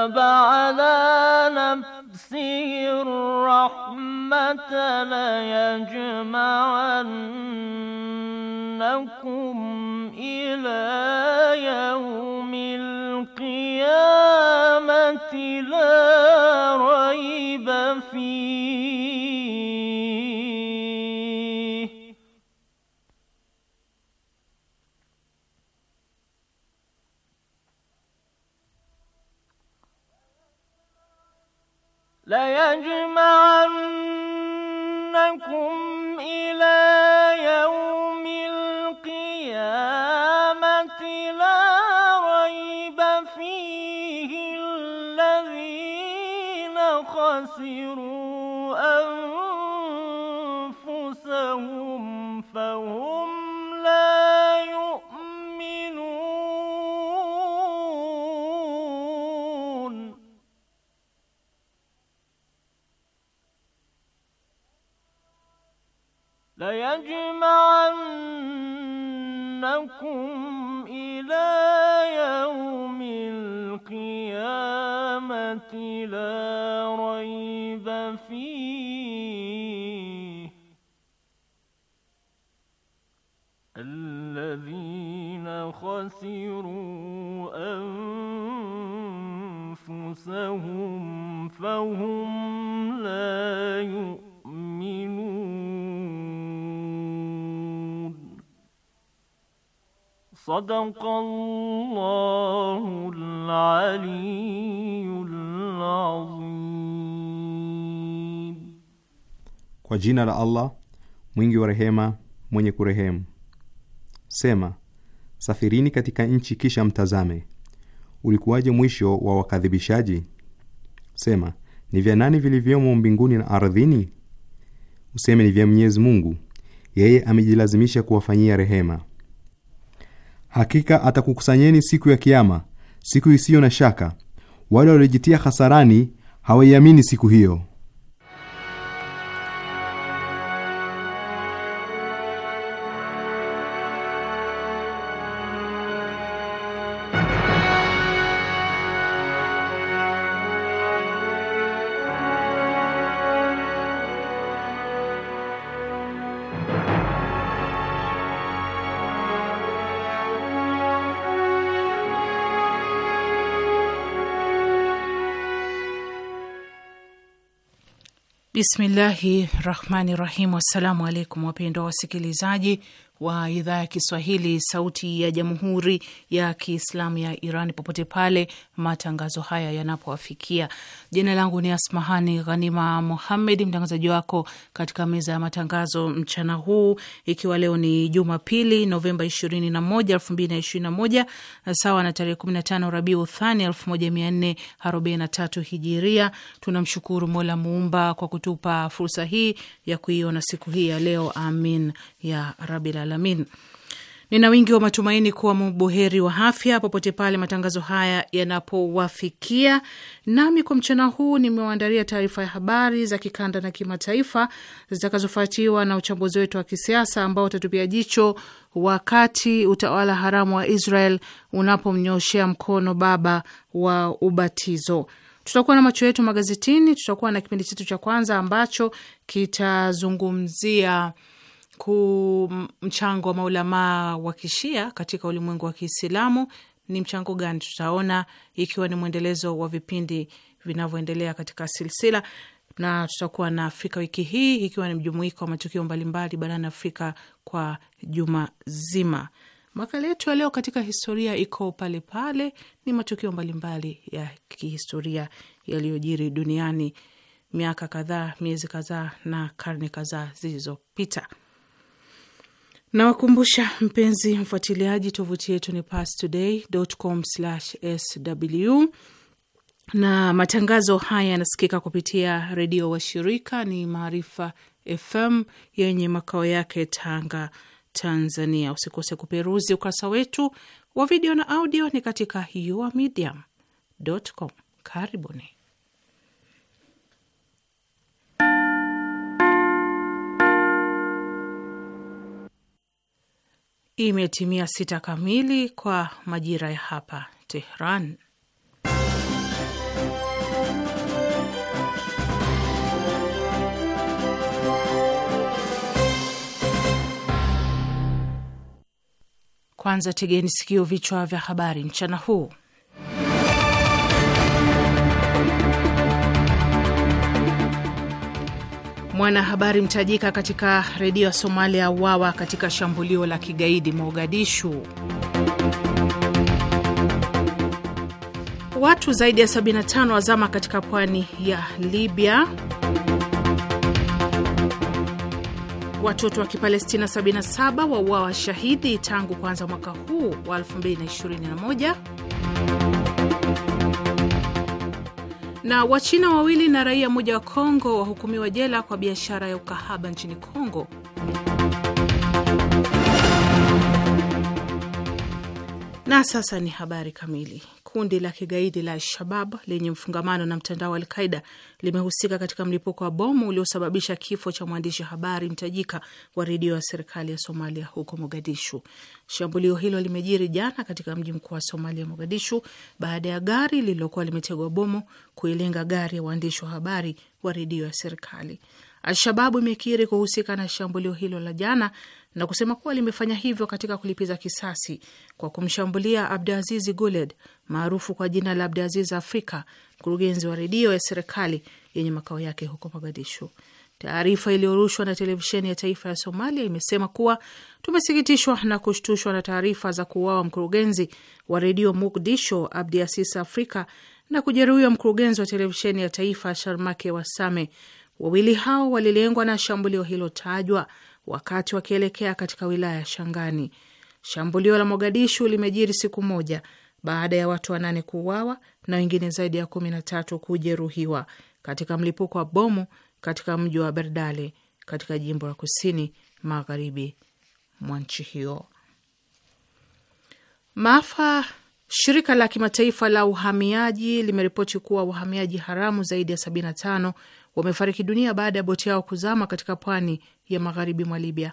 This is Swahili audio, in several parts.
كتب على نفسه الرحمة ليجمعنكم إلى يوم القيامة لا لا ريب فيه الذين خسروا أنفسهم فهم لا يؤمنون صدق الله العلي Kwa jina la Allah mwingi wa rehema mwenye kurehemu. Sema, safirini katika nchi kisha mtazame, ulikuwaje mwisho wa wakadhibishaji? Sema, ni vya nani vilivyomo mbinguni na ardhini? Useme ni vya Mwenyezi Mungu, yeye amejilazimisha kuwafanyia rehema. Hakika atakukusanyeni siku ya kiama siku isiyo na shaka wale waliojitia hasarani hawaiamini siku hiyo. Bismillahi rahmani rahim. Assalamu alaikum wapendwa wasikilizaji wa idhaa ya Kiswahili sauti ya jamhuri ya Kiislamu ya Iran popote pale matangazo haya yanapowafikia. Jina langu ni Asmahani Ghanima Muhammed, mtangazaji wako katika meza ya matangazo mchana huu, ikiwa leo ni Jumapili Novemba 21, 2021 sawa na tarehe 15 Rabiu Thani 1443 Hijiria. Tunamshukuru Mola Muumba kwa kutupa fursa hii ya kuiona siku hii ya leo, amin ya rabil alamin. Nina wingi wa matumaini kuwa mbuheri wa afya popote pale matangazo haya yanapowafikia. Nami kwa mchana huu nimewaandalia taarifa ya habari za kikanda na kimataifa zitakazofuatiwa na uchambuzi wetu wa kisiasa ambao utatupia jicho wakati utawala haramu wa Israel unapomnyoshea mkono baba wa ubatizo. Tutakuwa na macho yetu magazetini, tutakuwa na kipindi chetu cha kwanza ambacho kitazungumzia mchango wa maulamaa wa kishia katika ulimwengu wa Kiislamu ni mchango gani, tutaona ikiwa ni mwendelezo wa vipindi vinavyoendelea katika silsila, na tutakuwa na Afrika wiki hii ikiwa ni mjumuiko wa matukio mbalimbali barani Afrika kwa juma zima. Makala yetu ya leo katika historia iko pale pale, ni matukio mbalimbali ya kihistoria yaliyojiri duniani miaka kadhaa, miezi kadhaa na karne kadhaa zilizopita. Nawakumbusha mpenzi mfuatiliaji, tovuti yetu ni pastoday.com/sw na matangazo haya yanasikika kupitia redio washirika ni Maarifa FM yenye makao yake Tanga, Tanzania. Usikose kuperuzi ukurasa wetu wa video na audio, ni katika yourmedium.com. Karibuni. Imetimia sita kamili kwa majira ya hapa Tehran. Kwanza tegeni sikio, vichwa vya habari mchana huu. Mwanahabari mtajika katika redio ya Somalia wawa katika shambulio la kigaidi Mogadishu. Watu zaidi ya 75 wazama katika pwani ya Libya. Watoto wa Kipalestina 77 wauawa shahidi tangu kuanza mwaka huu wa 2021. Na Wachina wawili na raia mmoja wa Kongo wahukumiwa jela kwa biashara ya ukahaba nchini Kongo. Na sasa ni habari kamili kundi la kigaidi la Alshabab lenye mfungamano na mtandao wa Alqaida limehusika katika mlipuko wa bomu uliosababisha kifo cha mwandishi habari mtajika wa redio ya serikali ya Somalia huko Mogadishu. Shambulio hilo limejiri jana katika mji mkuu wa Somalia, Mogadishu, baada ya gari lililokuwa limetegwa bomu kuilenga gari ya waandishi wa habari wa redio ya serikali. Alshababu imekiri kuhusika na shambulio hilo la jana na kusema kuwa limefanya hivyo katika kulipiza kisasi kwa kumshambulia Abdulaziz Guled maarufu kwa jina la Abdulaziz Afrika, mkurugenzi wa redio ya serikali yenye makao yake huko Mogadishu. Taarifa iliyorushwa na televisheni ya taifa ya Somalia imesema kuwa tumesikitishwa na kushtushwa na taarifa za kuuawa mkurugenzi wa redio Mogadishu Abdiasis Afrika na kujeruhiwa mkurugenzi wa televisheni ya taifa Sharmake Wasame. Wawili hao walilengwa na shambulio hilo tajwa wakati wakielekea katika wilaya ya Shangani. Shambulio la Mogadishu limejiri siku moja baada ya watu wanane kuuawa na wengine zaidi ya kumi na tatu kujeruhiwa katika mlipuko wa bomu katika mji wa Berdale katika jimbo la kusini magharibi mwa nchi hiyo. Maafa. Shirika la kimataifa la uhamiaji limeripoti kuwa wahamiaji haramu zaidi ya 75 wamefariki dunia baada ya boti yao kuzama katika pwani ya magharibi mwa Libya.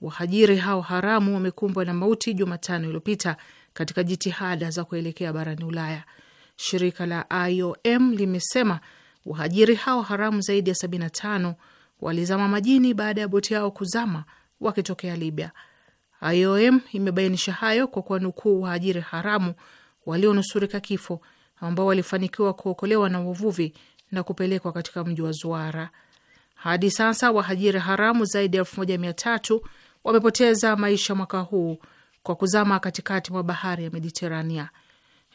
Wahajiri hao haramu wamekumbwa na mauti Jumatano iliyopita katika jitihada za kuelekea barani Ulaya. Shirika la IOM limesema wahajiri hao haramu zaidi ya 75 walizama majini baada ya boti yao kuzama wakitokea Libya. IOM imebainisha hayo kwa kuwanukuu wahajiri haramu walionusurika kifo ambao walifanikiwa kuokolewa na wavuvi na kupelekwa katika mji wa Zuara. Hadi sasa wahajiri haramu zaidi ya elfu moja mia tatu wamepoteza maisha mwaka huu kwa kuzama katikati mwa bahari ya Mediterania.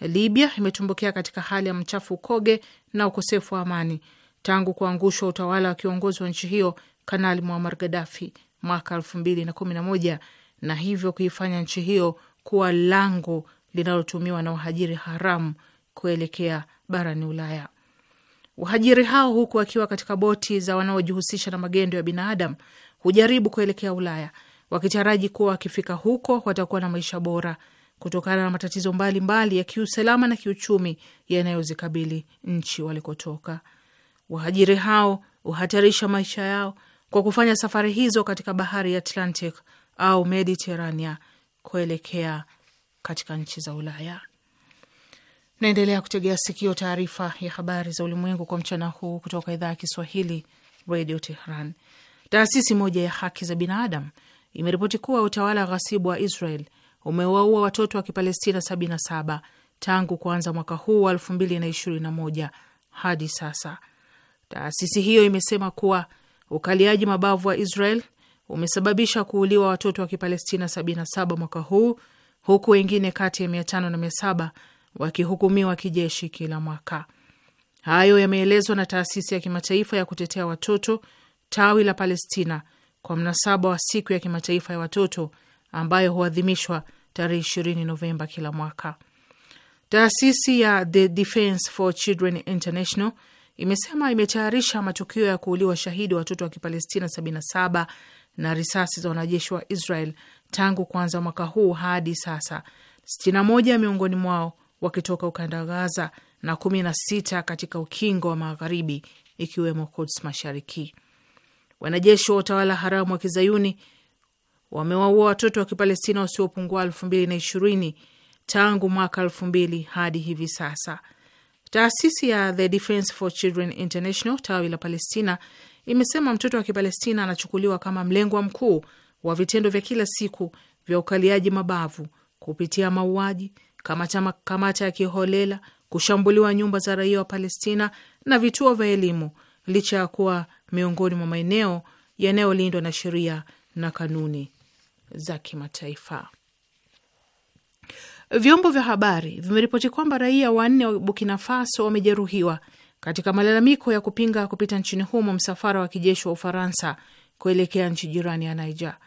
Libya imetumbukia katika hali ya mchafu koge na ukosefu wa amani tangu kuangushwa utawala wa kiongozi wa nchi hiyo Kanali Muammar Gaddafi mwaka elfu mbili na kumi na moja na hivyo kuifanya nchi hiyo kuwa lango linalotumiwa na wahajiri haramu kuelekea barani Ulaya. Wahajiri hao huku wakiwa katika boti za wanaojihusisha na magendo ya binadamu hujaribu kuelekea Ulaya wakitaraji kuwa wakifika huko watakuwa na maisha bora kutokana na matatizo mbalimbali mbali ya kiusalama na kiuchumi yanayozikabili nchi walikotoka. Wahajiri hao huhatarisha maisha yao kwa kufanya safari hizo katika bahari ya Atlantic au Mediterania kuelekea katika nchi za Ulaya. Mnaendelea kutegea sikio taarifa ya habari za ulimwengu kwa mchana huu kutoka idhaa ya Kiswahili Radio Tehran. Taasisi moja ya haki za binadamu imeripoti kuwa utawala ghasibu wa Israel umewaua watoto wa Kipalestina 77 tangu kuanza mwaka huu wa 2021 hadi sasa. Taasisi hiyo imesema kuwa ukaliaji mabavu wa Israel umesababisha kuuliwa watoto wa Kipalestina 77 mwaka huu, huku wengine kati ya 500 na wakihukumiwa kijeshi kila mwaka. Hayo yameelezwa na taasisi ya kimataifa ya kutetea watoto tawi la Palestina kwa mnasaba wa siku ya kimataifa ya watoto ambayo huadhimishwa tarehe ishirini Novemba kila mwaka. Taasisi ya The Defence for Children International imesema imetayarisha matukio ya kuuliwa shahidi watoto wa Kipalestina 77 na risasi za wanajeshi wa Israel tangu kuanza mwaka huu hadi sasa. 61 miongoni mwao wakitoka ukanda wa Gaza na kumi na sita katika ukingo wa magharibi ikiwemo Kuds Mashariki. Wanajeshi wa utawala haramu wa kizayuni wamewaua watoto wa Kipalestina wasiopungua elfu mbili na ishirini tangu mwaka elfu mbili hadi hivi sasa. Taasisi ya The Defence for Children International tawi la Palestina imesema mtoto wa Kipalestina anachukuliwa kama mlengwa mkuu wa vitendo vya kila siku vya ukaliaji mabavu kupitia mauaji, kamata ya kiholela, kushambuliwa nyumba za raia wa Palestina na vituo vya elimu, licha ya kuwa miongoni mwa maeneo yanayolindwa na sheria na kanuni za kimataifa. Vyombo vya habari vimeripoti kwamba raia wanne wa Burkina Faso wamejeruhiwa katika malalamiko ya kupinga kupita nchini humo msafara wa kijeshi wa Ufaransa kuelekea nchi jirani ya Niger.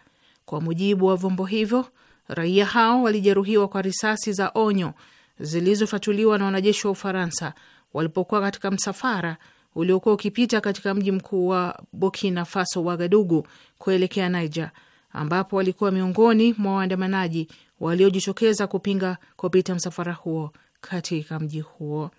Kwa mujibu wa vyombo hivyo, Raia hao walijeruhiwa kwa risasi za onyo zilizofatuliwa na wanajeshi wa Ufaransa walipokuwa katika msafara uliokuwa ukipita katika mji mkuu wa Burkina Faso, Wagadugu, kuelekea Niger, ambapo walikuwa miongoni mwa waandamanaji waliojitokeza kupinga kupita msafara huo katika mji huo.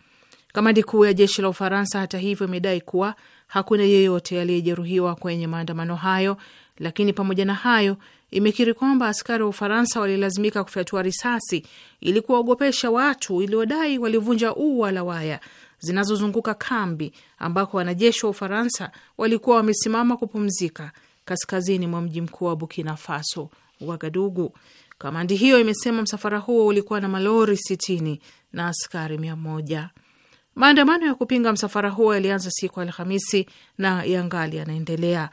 Kamandi kuu ya jeshi la Ufaransa, hata hivyo, imedai kuwa hakuna yeyote aliyejeruhiwa kwenye maandamano hayo, lakini pamoja na hayo imekiri kwamba askari wa Ufaransa walilazimika kufyatua risasi ili kuwaogopesha watu iliodai walivunja ua la waya zinazozunguka kambi ambako wanajeshi wa Ufaransa walikuwa wamesimama kupumzika kaskazini mwa mji mkuu wa Burkina Faso, Wagadugu. Kamandi hiyo imesema msafara huo ulikuwa na malori sitini na askari mia moja. Maandamano ya kupinga msafara huo yalianza siku Alhamisi na yangali yanaendelea.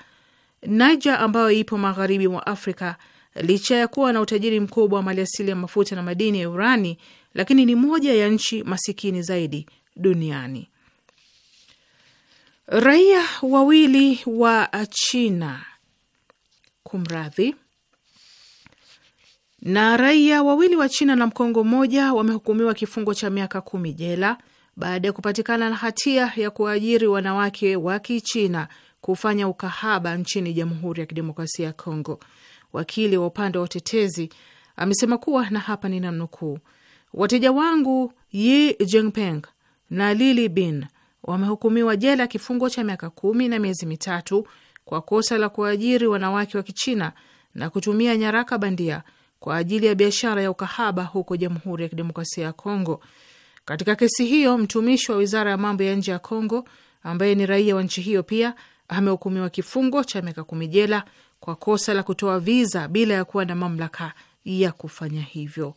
Naija ambayo ipo magharibi mwa Afrika, licha ya kuwa na utajiri mkubwa wa maliasili ya mafuta na madini ya urani, lakini ni moja ya nchi masikini zaidi duniani. Raia wawili wa China kumradhi, na raia wawili wa China na Mkongo mmoja wamehukumiwa kifungo cha miaka kumi jela baada ya kupatikana na hatia ya kuajiri wanawake wa Kichina kufanya ukahaba nchini Jamhuri ya Kidemokrasia ya Kongo. Wakili wa upande wa utetezi amesema kuwa, na hapa namnukuu, wateja wangu Yi Jingpeng na Lili Bin wamehukumiwa jela kifungo cha miaka kumi na miezi mitatu kwa kosa la kuajiri wanawake wa Kichina na kutumia nyaraka bandia kwa ajili ya biashara ya ukahaba huko Jamhuri ya Kidemokrasia ya Kongo. Katika kesi hiyo, mtumishi wa wizara ya mambo ya nje ya Kongo ambaye ni raia wa nchi hiyo pia amehukumiwa kifungo cha miaka kumi jela kwa kosa la kutoa viza bila ya kuwa na mamlaka ya kufanya hivyo.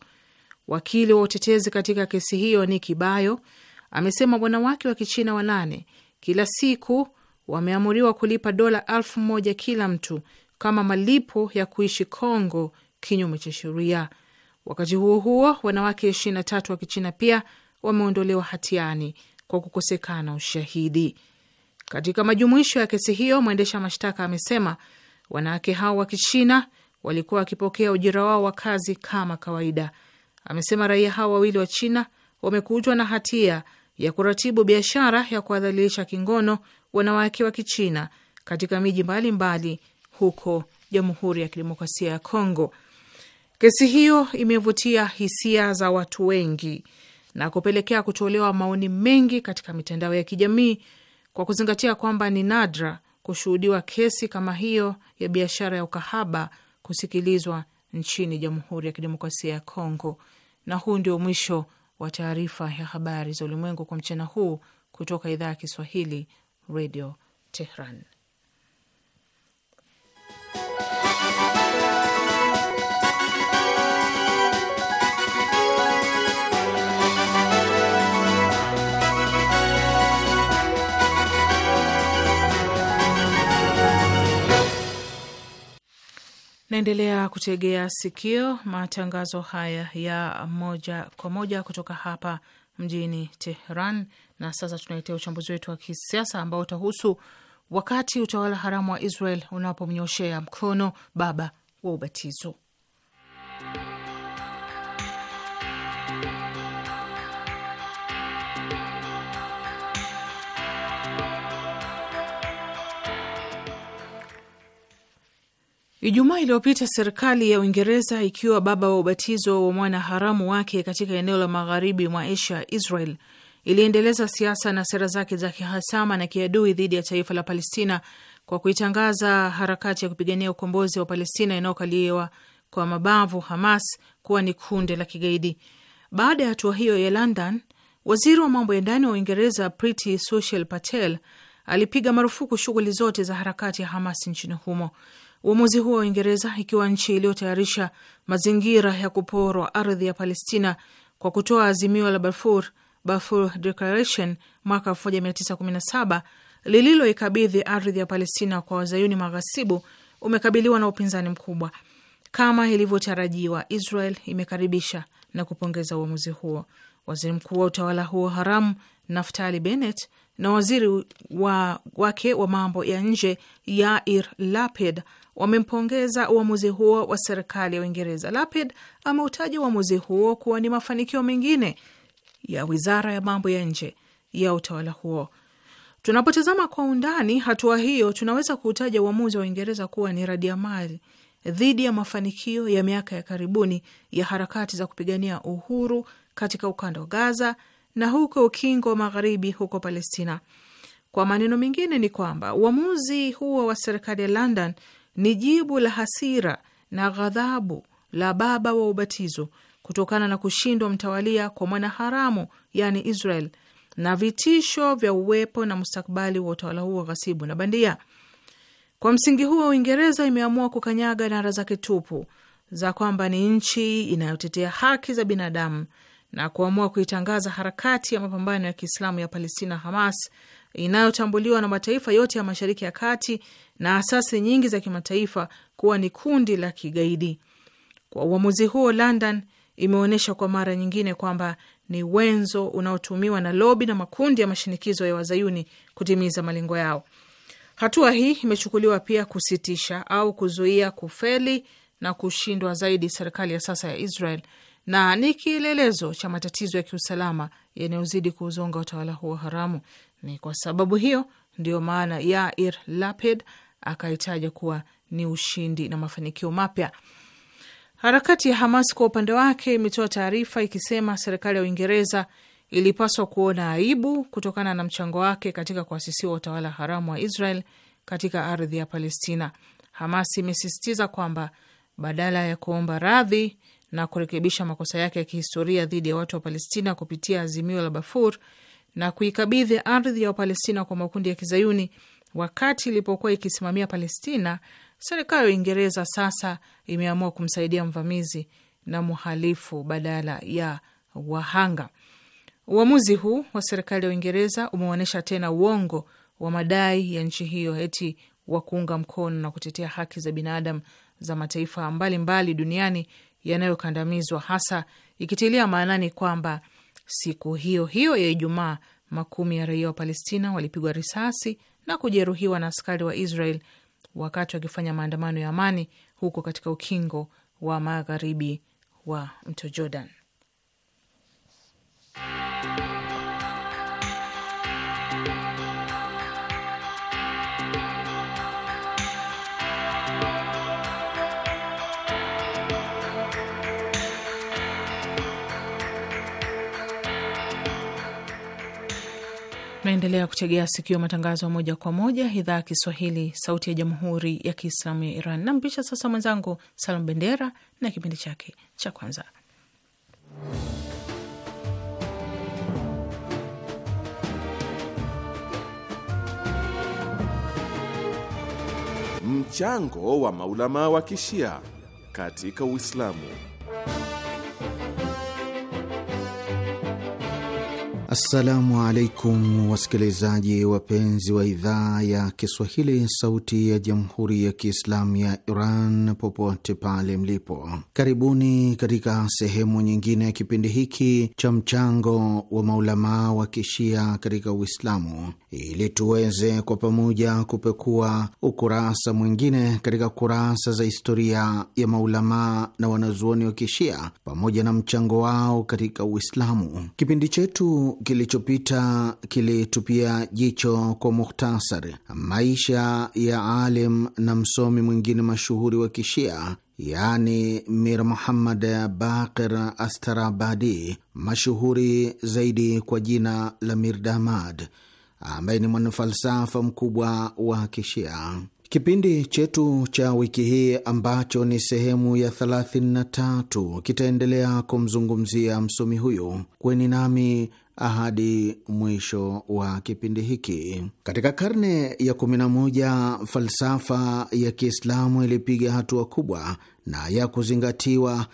Wakili wa utetezi katika kesi hiyo ni Kibayo amesema wanawake wa Kichina wanane kila siku wameamuriwa kulipa dola elfu moja kila mtu kama malipo ya kuishi Kongo kinyume cha sheria. Wakati huo huo, wanawake ishirini na tatu wa Kichina pia wameondolewa hatiani kwa kukosekana ushahidi. Katika majumuisho ya kesi hiyo, mwendesha mashtaka amesema wanawake hao wa Kichina walikuwa wakipokea ujira wao wa kazi kama kawaida. Amesema raia hao wawili wa China wamekutwa na hatia ya kuratibu biashara ya kuwadhalilisha kingono wanawake wa Kichina katika miji mbalimbali huko Jamhuri ya Kidemokrasia ya Kongo. Kesi hiyo imevutia hisia za watu wengi na kupelekea kutolewa maoni mengi katika mitandao ya kijamii kwa kuzingatia kwamba ni nadra kushuhudiwa kesi kama hiyo ya biashara ya ukahaba kusikilizwa nchini Jamhuri ya Kidemokrasia ya Kongo. Na huu ndio mwisho wa taarifa ya habari za ulimwengu kwa mchana huu kutoka idhaa ya Kiswahili, Radio Tehran. Naendelea kutegea sikio matangazo haya ya moja kwa moja kutoka hapa mjini Tehran. Na sasa tunaletea uchambuzi wetu wa kisiasa ambao utahusu wakati utawala haramu wa Israel unapomnyoshea mkono baba wa ubatizo Ijumaa iliyopita serikali ya Uingereza ikiwa baba wa ubatizo wa mwanaharamu wake katika eneo la magharibi mwa Asia, Israel, iliendeleza siasa na sera zake za kihasama na kiadui dhidi ya taifa la Palestina kwa kuitangaza harakati ya kupigania ukombozi wa Palestina inayokaliwa kwa mabavu Hamas kuwa ni kundi la kigaidi. Baada ya hatua hiyo ya London, waziri wa mambo ya ndani wa Uingereza Priti Sushil Patel alipiga marufuku shughuli zote za harakati ya Hamas nchini humo. Uamuzi huo wa Uingereza, ikiwa nchi iliyotayarisha mazingira ya kuporwa ardhi ya Palestina kwa kutoa azimio la Balfour, Balfour Declaration mwaka 1917 lililoikabidhi ardhi ya Palestina kwa wazayuni maghasibu, umekabiliwa na upinzani mkubwa. Kama ilivyotarajiwa, Israel imekaribisha na kupongeza uamuzi huo. Waziri mkuu wa utawala huo haramu Naftali Bennett na waziri wa, wake wa mambo ya nje Yair Lapid wamempongeza uamuzi huo wa serikali ya Uingereza. Lapid ameutaja uamuzi huo kuwa ni mafanikio mengine ya wizara ya mambo ya nje ya utawala huo. Tunapotazama kwa undani hatua hiyo, tunaweza kuutaja uamuzi wa Uingereza kuwa ni radia mali dhidi ya mafanikio ya miaka ya karibuni ya harakati za kupigania uhuru katika ukanda wa Gaza na huko ukingo wa magharibi huko Palestina. Kwa maneno mengine, ni kwamba uamuzi huo wa serikali ya London ni jibu la hasira na ghadhabu la baba wa ubatizo kutokana na kushindwa mtawalia kwa mwanaharamu yani Israel na vitisho vya uwepo na mustakbali wa utawala huo ghasibu na bandia. Kwa msingi huo, Uingereza imeamua kukanyaga nara zake tupu za kwamba ni nchi inayotetea haki za binadamu na kuamua kuitangaza harakati ya mapambano ya Kiislamu ya Palestina, Hamas, inayotambuliwa na mataifa yote ya Mashariki ya Kati na asasi nyingi za kimataifa kuwa ni kundi la kigaidi. Kwa uamuzi huo, London imeonyesha kwa mara nyingine kwamba ni wenzo unaotumiwa na lobi na makundi ya mashinikizo ya wazayuni kutimiza malengo yao. Hatua hii imechukuliwa pia kusitisha au kuzuia kufeli na kushindwa zaidi serikali ya sasa ya Israel na ni kielelezo cha matatizo ya kiusalama yanayozidi kuuzonga utawala huo haramu. Ni kwa sababu hiyo ndio maana Yair Lapid akahitaja kuwa ni ushindi na mafanikio mapya. Harakati ya Hamas kwa upande wake imetoa taarifa ikisema serikali ya Uingereza ilipaswa kuona aibu kutokana na mchango wake katika kuasisiwa utawala haramu wa Israel katika ardhi ya Palestina. Hamas imesisitiza kwamba badala ya kuomba radhi na kurekebisha makosa yake ya kihistoria dhidi ya watu wa Palestina kupitia azimio la bafur na kuikabidhi ardhi ya Wapalestina kwa makundi ya Kizayuni wakati ilipokuwa ikisimamia Palestina. Serikali ya Uingereza sasa imeamua kumsaidia mvamizi na mhalifu badala ya wahanga. Uamuzi huu wa serikali ya Uingereza umeonyesha tena uongo wa madai ya nchi hiyo eti wa kuunga mkono na kutetea haki za binadamu za mataifa mbalimbali mbali duniani yanayokandamizwa, hasa ikitilia maanani kwamba Siku hiyo hiyo ya Ijumaa, makumi ya raia wa Palestina walipigwa risasi na kujeruhiwa na askari wa Israel wakati wakifanya maandamano ya amani huko katika ukingo wa magharibi wa mto Jordan. Naendelea kutegea sikio matangazo moja kwa moja idhaa ya Kiswahili, sauti ya jamhuri ya kiislamu ya Iran. Nampisha sasa mwenzangu Salam Bendera na kipindi chake cha kwanza mchango wa maulama wa kishia katika Uislamu. Assalamu alaikum wasikilizaji wapenzi wa idhaa ya Kiswahili, sauti ya jamhuri ya kiislamu ya Iran, popote pale mlipo, karibuni katika sehemu nyingine ya kipindi hiki cha mchango wa maulamaa wa kishia katika Uislamu, ili tuweze kwa pamoja kupekua ukurasa mwingine katika kurasa za historia ya maulamaa na wanazuoni wa kishia pamoja na mchango wao katika Uislamu. Kipindi chetu kilichopita kilitupia jicho kwa muhtasari maisha ya alim na msomi mwingine mashuhuri wa Kishia, yaani Mir Muhammad Baqir Astarabadi, mashuhuri zaidi kwa jina la Mirdamad, ambaye ni mwanafalsafa mkubwa wa Kishia. Kipindi chetu cha wiki hii ambacho ni sehemu ya 33 kitaendelea kumzungumzia msomi huyu. Kweni nami hadi mwisho wa kipindi hiki. Katika karne ya 11 falsafa ya Kiislamu ilipiga hatua kubwa na ya kuzingatiwa,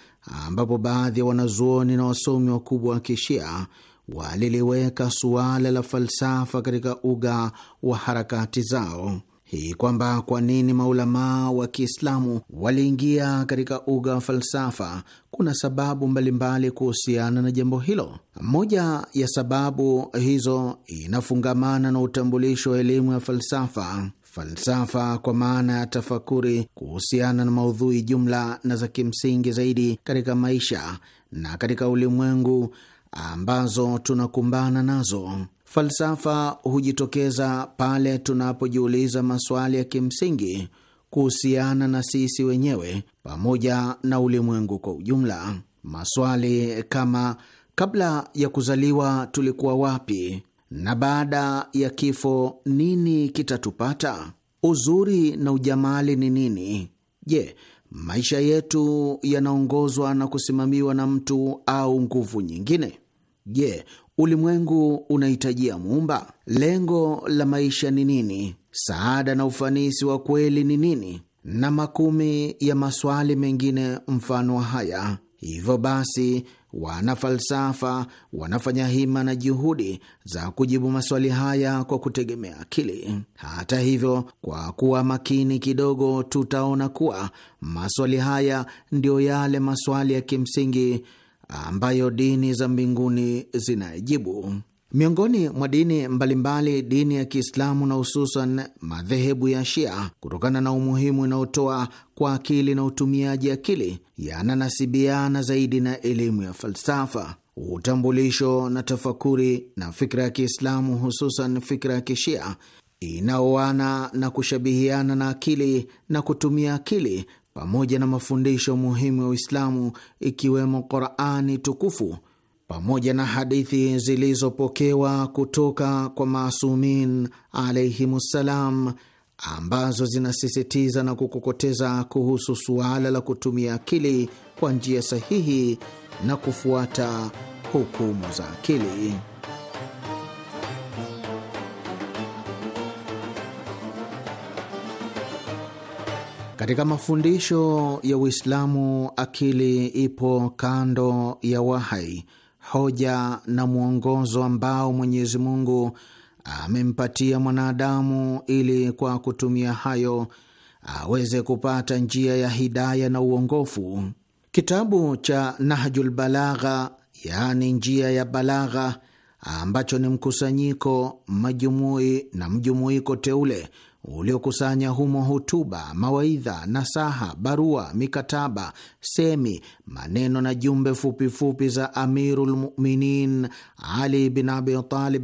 ambapo baadhi ya wanazuoni na wasomi wakubwa wa Kishia waliliweka suala la falsafa katika uga wa harakati zao hii kwamba kwa nini maulamaa wa Kiislamu waliingia katika uga wa falsafa. Kuna sababu mbalimbali kuhusiana na jambo hilo. Moja ya sababu hizo inafungamana na utambulisho wa elimu ya falsafa. Falsafa kwa maana ya tafakuri kuhusiana na maudhui jumla na za kimsingi zaidi katika maisha na katika ulimwengu ambazo tunakumbana nazo. Falsafa hujitokeza pale tunapojiuliza maswali ya kimsingi kuhusiana na sisi wenyewe pamoja na ulimwengu kwa ujumla. Maswali kama kabla ya kuzaliwa tulikuwa wapi, na baada ya kifo nini kitatupata? Uzuri na ujamali ni nini? Je, maisha yetu yanaongozwa na kusimamiwa na mtu au nguvu nyingine? Je, Ulimwengu unahitajia muumba. Lengo la maisha ni nini? Saada na ufanisi wa kweli ni nini? na makumi ya maswali mengine mfano wa haya. Hivyo basi, wana falsafa wanafanya hima na juhudi za kujibu maswali haya kwa kutegemea akili. Hata hivyo, kwa kuwa makini kidogo, tutaona kuwa maswali haya ndiyo yale maswali ya kimsingi ambayo dini za mbinguni zinayajibu Miongoni mwa dini mbalimbali, dini ya Kiislamu na hususan madhehebu ya Shia, kutokana na umuhimu inaotoa kwa akili na utumiaji akili, yananasibiana zaidi na elimu ya falsafa utambulisho na tafakuri na fikra ya Kiislamu, hususan fikra ya Kishia inaoana na kushabihiana na akili na kutumia akili pamoja na mafundisho muhimu ya Uislamu ikiwemo Qurani tukufu pamoja na hadithi zilizopokewa kutoka kwa Masumin ssalam ambazo zinasisitiza na kukokoteza kuhusu suala la kutumia akili kwa njia sahihi na kufuata hukumu za akili. Katika mafundisho ya Uislamu akili ipo kando ya wahai, hoja na mwongozo ambao Mwenyezi Mungu amempatia mwanadamu ili kwa kutumia hayo aweze kupata njia ya hidaya na uongofu. Kitabu cha Nahjul Balagha, yaani njia ya balagha, ambacho ni mkusanyiko, majumui na mjumuiko teule uliokusanya humo hotuba, mawaidha, nasaha, barua, mikataba, semi, maneno na jumbe fupifupi za amirulmuminin Ali bin Abi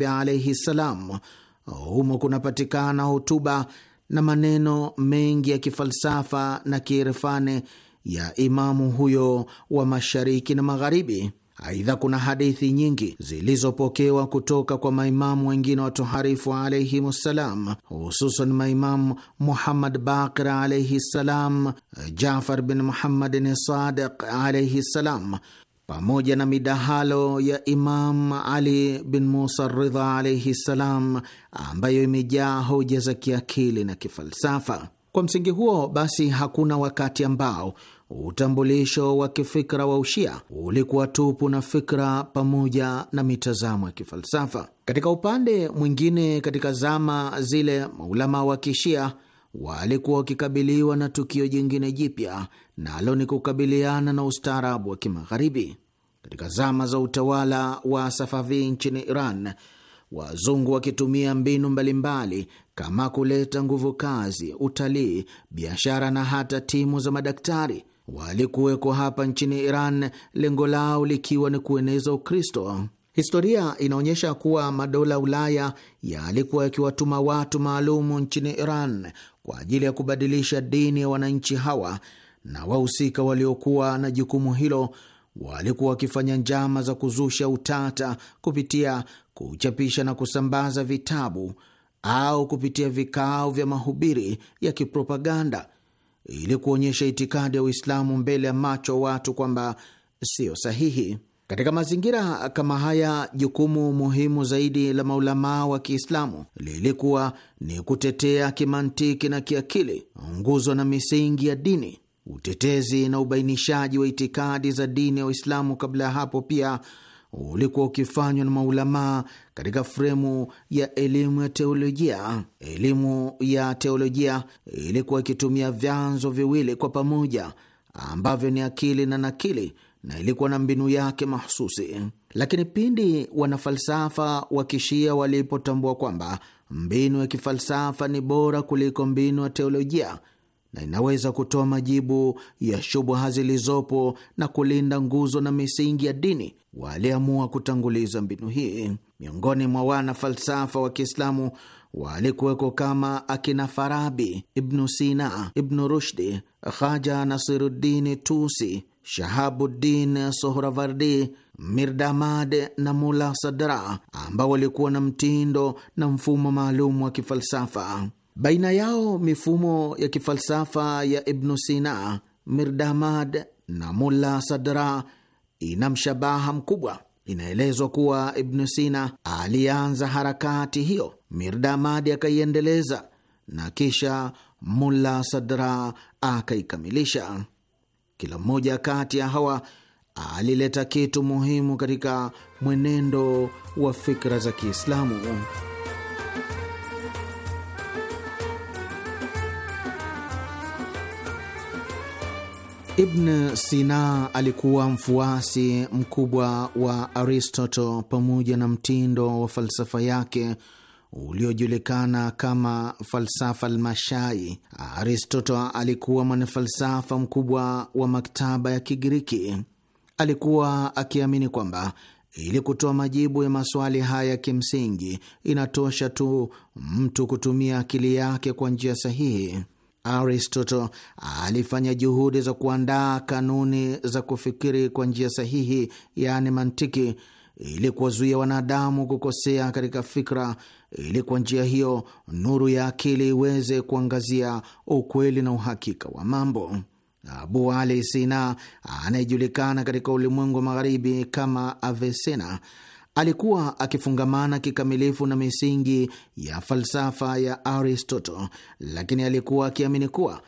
alaihi ssalam. Humo kunapatikana hotuba na maneno mengi ya kifalsafa na kierefani ya imamu huyo wa mashariki na magharibi. Aidha, kuna hadithi nyingi zilizopokewa kutoka kwa maimamu wengine watoharifu alaihim ssalam, hususan maimamu Muhammad Baqir alaihi ssalam, Jafar bin Muhammadin Sadiq alaihi ssalam pamoja na midahalo ya Imam Ali bin Musa Ridha alaihi ssalam, ambayo imejaa hoja za kiakili na kifalsafa. Kwa msingi huo basi, hakuna wakati ambao utambulisho wa kifikra wa Ushia ulikuwa tupu na fikra pamoja na mitazamo ya kifalsafa. Katika upande mwingine, katika zama zile maulama wa Kishia walikuwa wakikabiliwa na tukio jingine jipya, nalo ni kukabiliana na ustaarabu wa Kimagharibi. Katika zama za utawala wa Safavi nchini Iran wazungu wakitumia mbinu mbalimbali mbali, kama kuleta nguvu kazi, utalii, biashara na hata timu za madaktari walikuwekwa hapa nchini Iran, lengo lao likiwa ni kueneza Ukristo. Historia inaonyesha kuwa madola Ulaya yalikuwa yakiwatuma watu maalumu nchini Iran kwa ajili ya kubadilisha dini ya wananchi hawa, na wahusika waliokuwa na jukumu hilo walikuwa wakifanya njama za kuzusha utata kupitia kuchapisha na kusambaza vitabu au kupitia vikao vya mahubiri ya kipropaganda ili kuonyesha itikadi ya Uislamu mbele ya macho watu kwamba siyo sahihi. Katika mazingira kama haya, jukumu muhimu zaidi la maulamaa wa Kiislamu lilikuwa ni kutetea kimantiki na kiakili nguzo na misingi ya dini. Utetezi na ubainishaji wa itikadi za dini ya Uislamu kabla ya hapo pia ulikuwa ukifanywa na maulamaa katika fremu ya elimu ya teolojia. Elimu ya teolojia ilikuwa ikitumia vyanzo viwili kwa pamoja ambavyo ni akili na nakili, na ilikuwa na mbinu yake mahususi Lakini pindi wanafalsafa wa kishia walipotambua kwamba mbinu ya kifalsafa ni bora kuliko mbinu ya teolojia na inaweza kutoa majibu ya shubha zilizopo na kulinda nguzo na misingi ya dini, waliamua kutanguliza mbinu hii. Miongoni mwa wana falsafa wa Kiislamu walikuweko kama akina Farabi, Ibnu Sina, Ibnu Rushdi, Khaja nasirudini Tusi, Shahabuddin Sohravardi, Mirdamad na Mula Sadra, ambao walikuwa na mtindo na mfumo maalum wa kifalsafa. Baina yao mifumo ya kifalsafa ya Ibnu Sina, Mirdamad na Mulla Sadra ina mshabaha mkubwa. Inaelezwa kuwa Ibnu Sina alianza harakati hiyo, Mirdamadi akaiendeleza na kisha Mulla Sadra akaikamilisha. Kila mmoja kati ya hawa alileta kitu muhimu katika mwenendo wa fikra za Kiislamu. Ibn Sina alikuwa mfuasi mkubwa wa Aristotle pamoja na mtindo wa falsafa yake uliojulikana kama falsafa almashai. Aristotle alikuwa mwanafalsafa mkubwa wa maktaba ya Kigiriki. Alikuwa akiamini kwamba ili kutoa majibu ya maswali haya kimsingi, inatosha tu mtu kutumia akili yake kwa njia sahihi. Aristotle alifanya juhudi za kuandaa kanuni za kufikiri kwa njia sahihi, yaani mantiki, ili kuwazuia wanadamu kukosea katika fikra, ili kwa njia hiyo nuru ya akili iweze kuangazia ukweli na uhakika wa mambo. Abu Ali Sina anayejulikana katika ulimwengu wa magharibi kama Avesena alikuwa akifungamana kikamilifu na misingi ya falsafa ya Aristotle, lakini alikuwa akiamini kuwa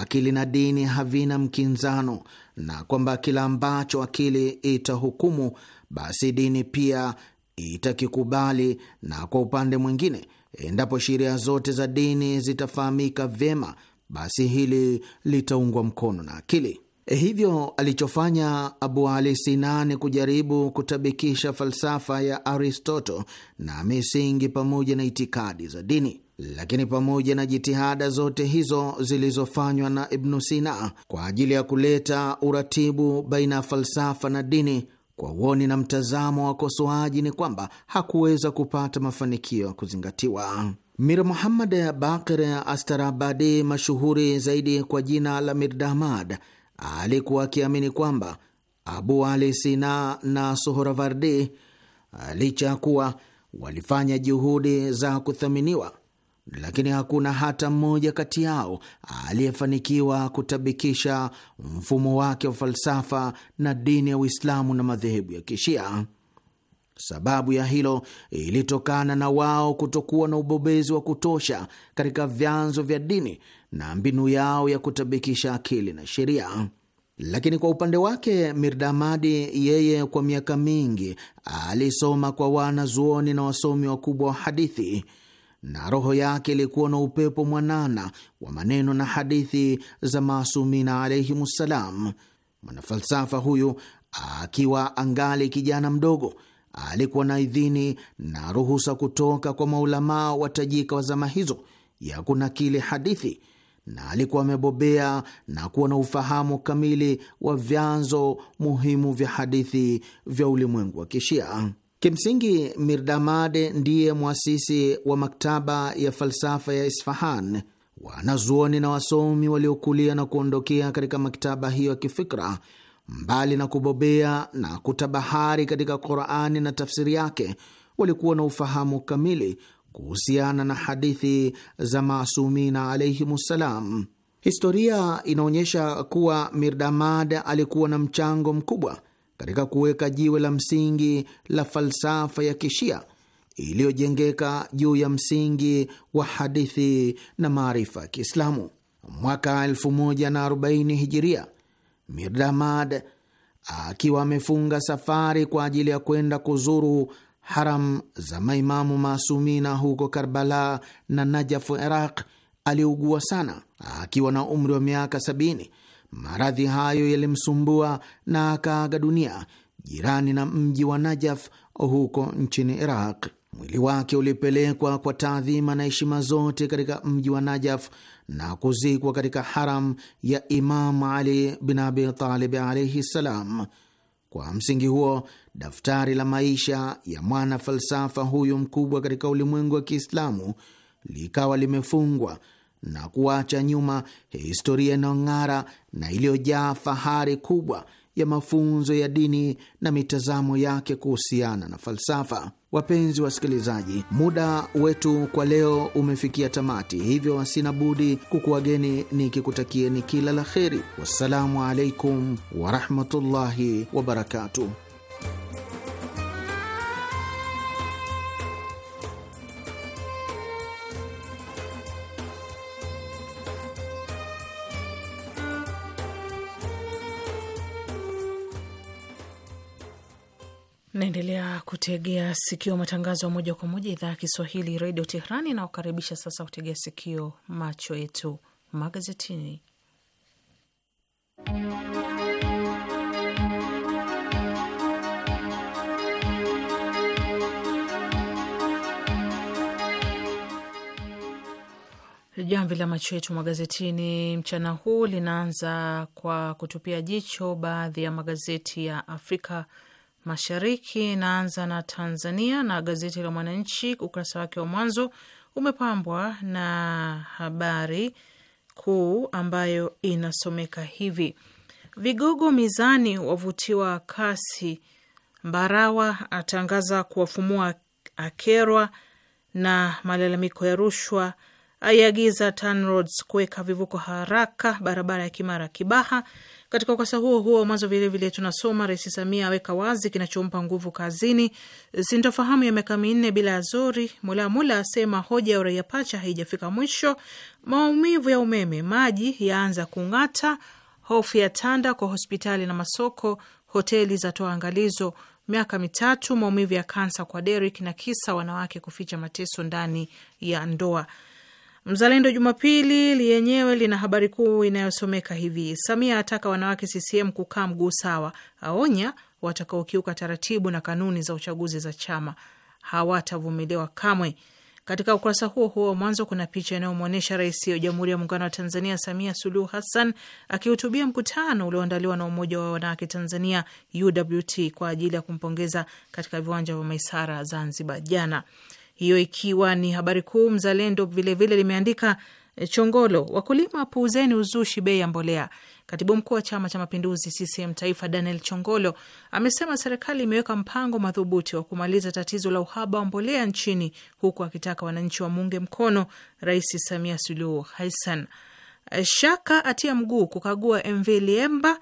akili na dini havina mkinzano na kwamba kila ambacho akili itahukumu basi dini pia itakikubali, na kwa upande mwingine, endapo sheria zote za dini zitafahamika vyema, basi hili litaungwa mkono na akili. E, hivyo alichofanya Abu Ali Sina ni kujaribu kutabikisha falsafa ya Aristoto na misingi pamoja na itikadi za dini. Lakini pamoja na jitihada zote hizo zilizofanywa na Ibnu Sina kwa ajili ya kuleta uratibu baina ya falsafa na dini, kwa uoni na mtazamo wa wakosoaji ni kwamba hakuweza kupata mafanikio ya kuzingatiwa. Mir Muhammad Bakir Astarabadi, mashuhuri zaidi kwa jina la Mirdamad, alikuwa akiamini kwamba Abu Ali Sina na Sohoravardi eh, licha ya kuwa walifanya juhudi za kuthaminiwa, lakini hakuna hata mmoja kati yao aliyefanikiwa kutabikisha mfumo wake wa falsafa na dini ya Uislamu na madhehebu ya Kishia. Sababu ya hilo ilitokana na wao kutokuwa na ubobezi wa kutosha katika vyanzo vya dini na mbinu yao ya kutabikisha akili na sheria. Lakini kwa upande wake Mirdamadi, yeye kwa miaka mingi alisoma kwa wana zuoni na wasomi wakubwa wa hadithi, na roho yake ilikuwa na upepo mwanana wa maneno na hadithi za maasumina ssalam. Mwanafalsafa huyu akiwa angali kijana mdogo alikuwa na idhini na ruhusa kutoka kwa maulamaa watajika wa zama hizo ya kunakili hadithi na alikuwa amebobea na kuwa na ufahamu kamili wa vyanzo muhimu vya hadithi vya ulimwengu wa Kishia. Kimsingi, Mirdamad ndiye mwasisi wa maktaba ya falsafa ya Isfahan. Wanazuoni na wasomi waliokulia na kuondokea katika maktaba hiyo ya kifikra, mbali na kubobea na kutabahari katika Qurani na tafsiri yake, walikuwa na ufahamu kamili kuhusiana na hadithi za Maasumina alaihimussalam. Historia inaonyesha kuwa Mirdamad alikuwa na mchango mkubwa katika kuweka jiwe la msingi la falsafa ya Kishia iliyojengeka juu ya msingi wa hadithi na maarifa ya Kiislamu. Mwaka 1040 hijiria, Mirdamad akiwa amefunga safari kwa ajili ya kwenda kuzuru haram za maimamu maasumina huko Karbala na Najafu, Iraq. Aliugua sana akiwa na umri wa miaka sabini. Maradhi hayo yalimsumbua na akaaga dunia jirani na mji wa Najaf huko nchini Iraq. Mwili wake ulipelekwa kwa taadhima na heshima zote katika mji wa Najaf na kuzikwa katika haram ya Imamu Ali bin Abi Talib alaihi ssalam. Kwa msingi huo Daftari la maisha ya mwana falsafa huyu mkubwa katika ulimwengu wa Kiislamu likawa limefungwa na kuacha nyuma historia inayong'ara na iliyojaa fahari kubwa ya mafunzo ya dini na mitazamo yake kuhusiana na falsafa. Wapenzi wasikilizaji, muda wetu kwa leo umefikia tamati, hivyo sina budi kukuwageni nikikutakieni kila la kheri. Wassalamu alaikum warahmatullahi wabarakatuh. Naendelea kutegea sikio matangazo ya moja kwa moja idhaa ya Kiswahili redio Tehrani. Inaokaribisha sasa kutegea sikio macho yetu magazetini. Jamvi la macho yetu magazetini mchana huu linaanza kwa kutupia jicho baadhi ya magazeti ya Afrika Mashariki. Naanza na Tanzania na gazeti la Mwananchi, ukurasa wake wa mwanzo umepambwa na habari kuu ambayo inasomeka hivi: vigogo mizani wavutiwa kasi, Mbarawa atangaza kuwafumua akerwa na malalamiko ya rushwa, aiagiza TANROADS kuweka vivuko haraka barabara ya Kimara Kibaha, katika ukasa huo huo mwanzo vilevile tunasoma Rais Samia aweka wazi kinachompa nguvu kazini, sintofahamu ya miaka minne bila ya Zori, Mulamula asema hoja ya uraia pacha haijafika mwisho, maumivu ya umeme maji yaanza kung'ata, hofu ya tanda kwa hospitali na masoko, hoteli zatoa angalizo, miaka mitatu, maumivu ya kansa kwa derik na kisa wanawake kuficha mateso ndani ya ndoa. Mzalendo Jumapili lenyewe lina habari kuu inayosomeka hivi: Samia ataka wanawake CCM kukaa mguu sawa, aonya watakaokiuka taratibu na kanuni za uchaguzi za chama hawatavumiliwa kamwe. Katika ukurasa huo huo mwanzo kuna picha inayomwonyesha Rais wa Jamhuri ya Muungano wa Tanzania Samia Suluhu Hassan akihutubia mkutano ulioandaliwa na Umoja wa Wanawake Tanzania UWT kwa ajili ya kumpongeza katika viwanja vya Maisara Zanzibar jana hiyo ikiwa ni habari kuu. Mzalendo vilevile limeandika e, Chongolo, wakulima puuzeni uzushi bei ya mbolea. Katibu mkuu wa Chama cha Mapinduzi CCM Taifa, Daniel Chongolo amesema serikali imeweka mpango madhubuti wa kumaliza tatizo la uhaba wa mbolea nchini, huku akitaka wananchi wamuunge mkono Rais Samia Suluhu Hassan. E, Shaka atia mguu kukagua MV Liemba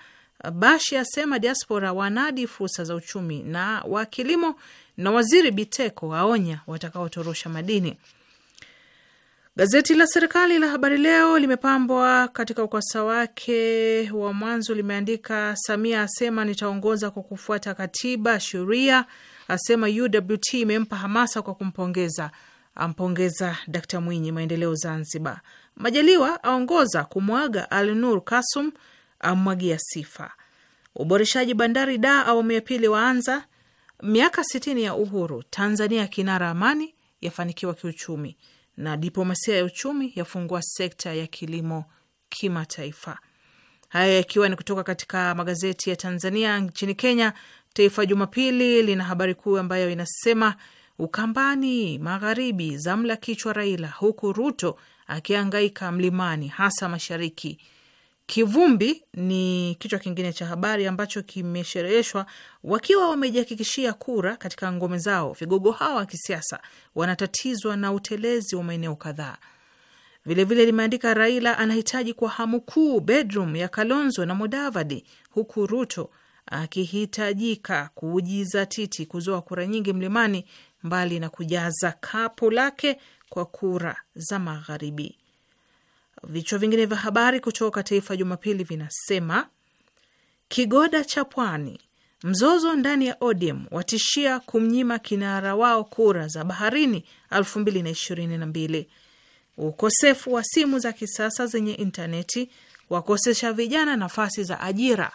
Bashi asema diaspora wanadi fursa za uchumi na wa kilimo, na waziri Biteko aonya watakaotorosha madini. Gazeti la serikali la Habari Leo limepambwa katika ukurasa wake wa mwanzo, limeandika Samia asema nitaongoza kwa kufuata katiba sheria, asema UWT imempa hamasa kwa kumpongeza, ampongeza Dkt Mwinyi maendeleo Zanzibar. Majaliwa aongoza kumwaga Alnur Kasum amwagia sifa. Uboreshaji bandari da awamu ya pili waanza. Miaka sitini ya uhuru Tanzania kinara amani yafanikiwa kiuchumi, na diplomasia ya uchumi yafungua sekta ya kilimo kimataifa. Hayo yakiwa ni kutoka katika magazeti ya Tanzania. Nchini Kenya, Taifa Jumapili lina habari kuu ambayo inasema Ukambani magharibi zamla kichwa Raila, huku Ruto akiangaika mlimani, hasa mashariki. Kivumbi ni kichwa kingine cha habari ambacho kimeshereheshwa wakiwa wamejihakikishia kura katika ngome zao. Vigogo hawa wa kisiasa wanatatizwa na utelezi wa maeneo kadhaa. Vilevile limeandika Raila anahitaji kwa hamu kuu bedroom ya Kalonzo na Mudavadi, huku Ruto akihitajika kujizatiti kuzoa kura nyingi mlimani, mbali na kujaza kapu lake kwa kura za magharibi. Vichwa vingine vya habari kutoka Taifa Jumapili vinasema kigoda cha pwani, mzozo ndani ya ODM watishia kumnyima kinara wao kura za baharini 2022. Ukosefu wa simu za kisasa zenye intaneti wakosesha vijana nafasi za ajira.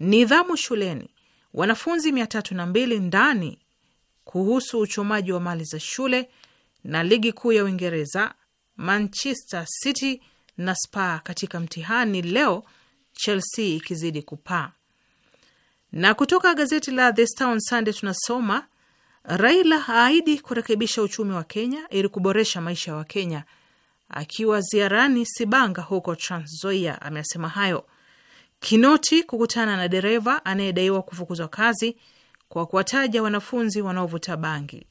Nidhamu shuleni, wanafunzi 302 ndani kuhusu uchomaji wa mali za shule. Na ligi kuu ya Uingereza Manchester City na Spa katika mtihani leo, Chelsea ikizidi kupaa. Na kutoka gazeti la The Standard Sunday tunasoma Raila aahidi kurekebisha uchumi wa Kenya ili kuboresha maisha ya Wakenya. Akiwa ziarani Sibanga huko Trans Nzoia amesema hayo. Kinoti kukutana na dereva anayedaiwa kufukuzwa kazi kwa kuwataja wanafunzi wanaovuta bangi.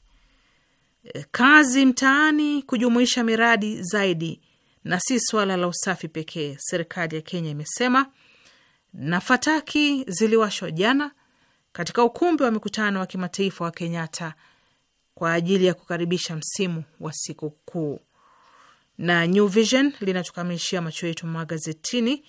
Eh, kazi mtaani kujumuisha miradi zaidi na si swala la usafi pekee, serikali ya Kenya imesema. Na fataki ziliwashwa jana katika ukumbi wa mikutano wa kimataifa wa Kenyatta kwa ajili ya kukaribisha msimu wa sikukuu. Na New Vision linatukamilishia macho yetu magazetini,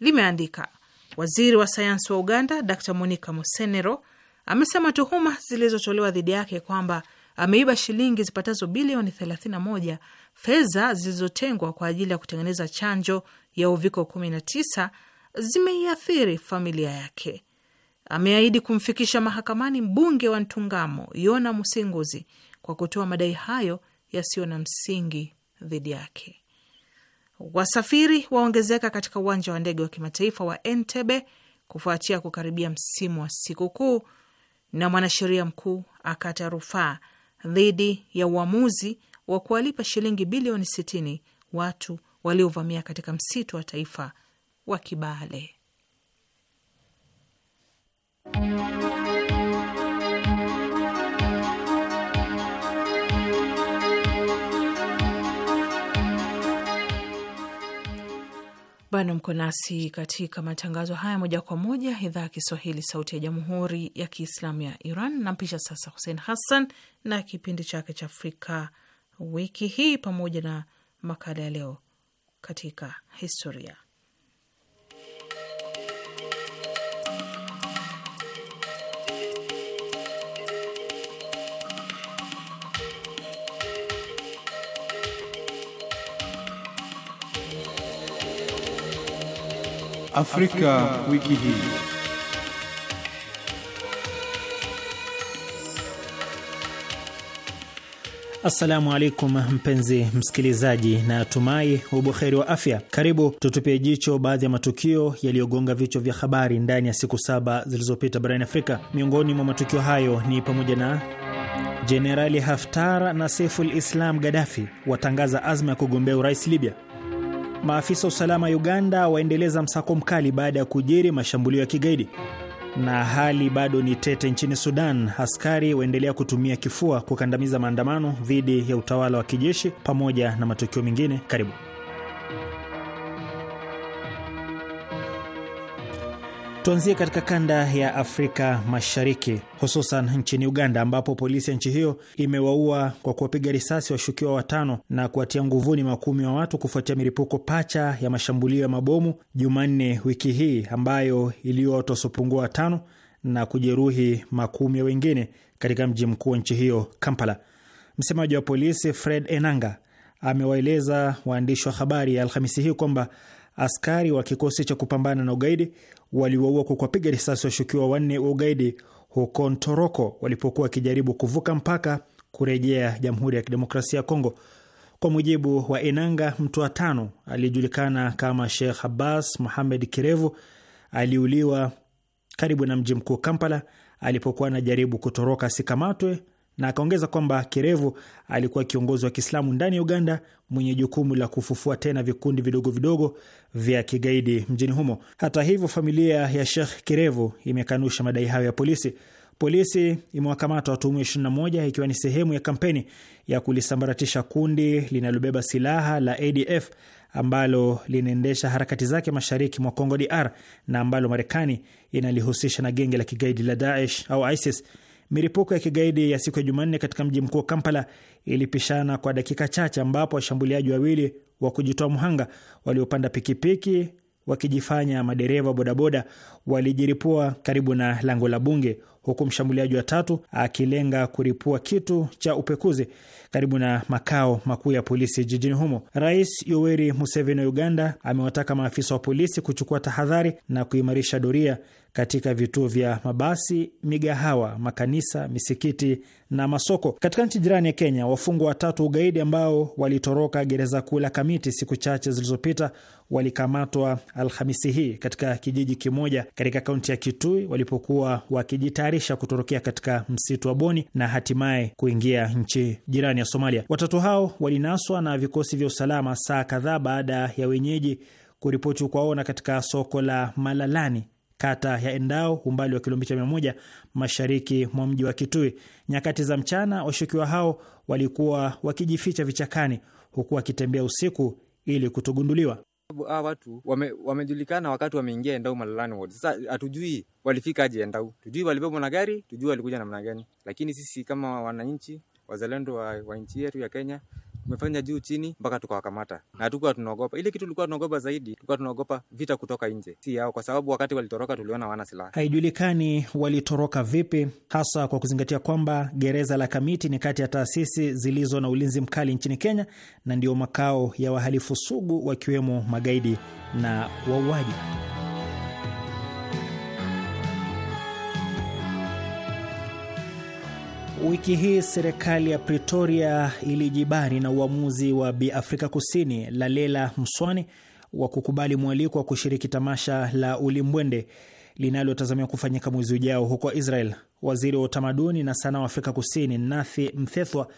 limeandika waziri wa sayansi wa Uganda Dr Monica Mosenero amesema tuhuma zilizotolewa dhidi yake kwamba ameiba shilingi zipatazo bilioni 31 fedha zilizotengwa kwa ajili ya kutengeneza chanjo ya uviko 19 zimeiathiri familia yake. Ameahidi kumfikisha mahakamani mbunge wa Ntungamo Yona Musinguzi kwa kutoa madai hayo yasiyo na msingi dhidi yake. Wasafiri waongezeka katika uwanja wa ndege wa kimataifa wa Entebbe kufuatia kukaribia msimu wa sikukuu, na mwanasheria mkuu akata rufaa dhidi ya uamuzi wa kuwalipa shilingi bilioni 60 watu waliovamia katika msitu wa taifa wa Kibale. Bado mko nasi katika matangazo haya moja kwa moja, idhaa ya Kiswahili, sauti ya jamhuri ya kiislamu ya Iran. Nampisha sasa Hussein Hassan na kipindi chake cha Afrika wiki hii pamoja na makala ya leo katika historia. Afrika, wiki hii. Assalamu alaikum mpenzi msikilizaji, na tumai ubuheri wa afya. Karibu tutupie jicho baadhi ya matukio yaliyogonga vichwa vya habari ndani ya siku saba zilizopita barani Afrika. Miongoni mwa matukio hayo ni pamoja na Jenerali Haftar na Saiful Islam Gaddafi watangaza azma ya kugombea urais Libya, Maafisa wa usalama Uganda waendeleza msako mkali baada ya kujiri mashambulio ya kigaidi, na hali bado ni tete nchini Sudan. Askari waendelea kutumia kifua kukandamiza maandamano dhidi ya utawala wa kijeshi, pamoja na matukio mengine. Karibu. Tuanzie katika kanda ya Afrika Mashariki, hususan nchini Uganda, ambapo polisi ya nchi hiyo imewaua kwa kuwapiga risasi washukiwa watano na kuwatia nguvuni makumi wa watu kufuatia milipuko pacha ya mashambulio ya mabomu Jumanne wiki hii ambayo iliua watu wasiopungua watano na kujeruhi makumi wengine katika mji mkuu wa nchi hiyo Kampala. Msemaji wa polisi Fred Enanga amewaeleza waandishi wa habari ya Alhamisi hii kwamba askari wa kikosi cha kupambana na ugaidi waliwaua kwa kuwapiga risasi washukiwa wanne wa ugaidi huko Ntoroko walipokuwa wakijaribu kuvuka mpaka kurejea Jamhuri ya Kidemokrasia ya Kongo. Kwa mujibu wa Enanga, mtu wa tano aliyejulikana kama Sheikh Abbas muhamed Kirevu aliuliwa karibu na mji mkuu Kampala alipokuwa anajaribu kutoroka asikamatwe na akaongeza kwamba Kerevu alikuwa kiongozi wa Kiislamu ndani ya Uganda mwenye jukumu la kufufua tena vikundi vidogo vidogo vya kigaidi mjini humo. Hata hivyo, familia ya Sheikh Kerevu imekanusha madai hayo ya polisi. Polisi imewakamata watuhumiwa 21 ikiwa ni sehemu ya kampeni ya kulisambaratisha kundi linalobeba silaha la ADF ambalo linaendesha harakati zake mashariki mwa Congo DR na ambalo Marekani inalihusisha na genge la kigaidi la Daesh au ISIS. Milipuko ya kigaidi ya siku ya Jumanne katika mji mkuu Kampala ilipishana kwa dakika chache, ambapo washambuliaji wawili wa kujitoa mhanga waliopanda pikipiki wakijifanya madereva bodaboda walijiripua karibu na lango la bunge, huku mshambuliaji wa tatu akilenga kuripua kitu cha upekuzi karibu na makao makuu ya polisi jijini humo. Rais Yoweri Museveni wa Uganda amewataka maafisa wa polisi kuchukua tahadhari na kuimarisha doria katika vituo vya mabasi, migahawa, makanisa, misikiti na masoko. Katika nchi jirani ya Kenya, wafungwa watatu ugaidi ambao walitoroka gereza kuu la Kamiti siku chache zilizopita walikamatwa Alhamisi hii katika kijiji kimoja katika kaunti ya Kitui walipokuwa wakijitayarisha kutorokea katika msitu wa Boni na hatimaye kuingia nchi jirani ya Somalia. Watatu hao walinaswa na vikosi vya usalama saa kadhaa baada ya wenyeji kuripoti kuwaona katika soko la Malalani kata ya Endao, umbali wa kilomita miamoja mashariki mwa mji wa Kitui. Nyakati za mchana, washukiwa hao walikuwa wakijificha vichakani, huku wakitembea usiku ili kutogunduliwa. Hawa watu wamejulikana wame wakati wameingia Endau Malalani ward. Sasa hatujui walifika aje Endau, tujui walibebwa na gari, tujui walikuja namna gani, lakini sisi kama wananchi wazalendo wa, wa nchi yetu ya Kenya Tumefanya juu chini mpaka tukawakamata, na tukuwa tunaogopa ile kitu. Tulikuwa tunaogopa zaidi, tulikuwa tunaogopa vita kutoka nje, si yao, kwa sababu wakati walitoroka tuliona wana silaha. Haijulikani walitoroka vipi hasa, kwa kuzingatia kwamba gereza la Kamiti ni kati ya taasisi zilizo na ulinzi mkali nchini Kenya na ndio makao ya wahalifu sugu wakiwemo magaidi na wauaji. Wiki hii serikali ya Pretoria ilijibari na uamuzi wa Bi Afrika Kusini Lalela Mswane wa kukubali mwaliko wa kushiriki tamasha la ulimbwende linalotazamiwa kufanyika mwezi ujao huko Israel. Waziri wa utamaduni na sanaa wa Afrika Kusini Nathi Mthethwa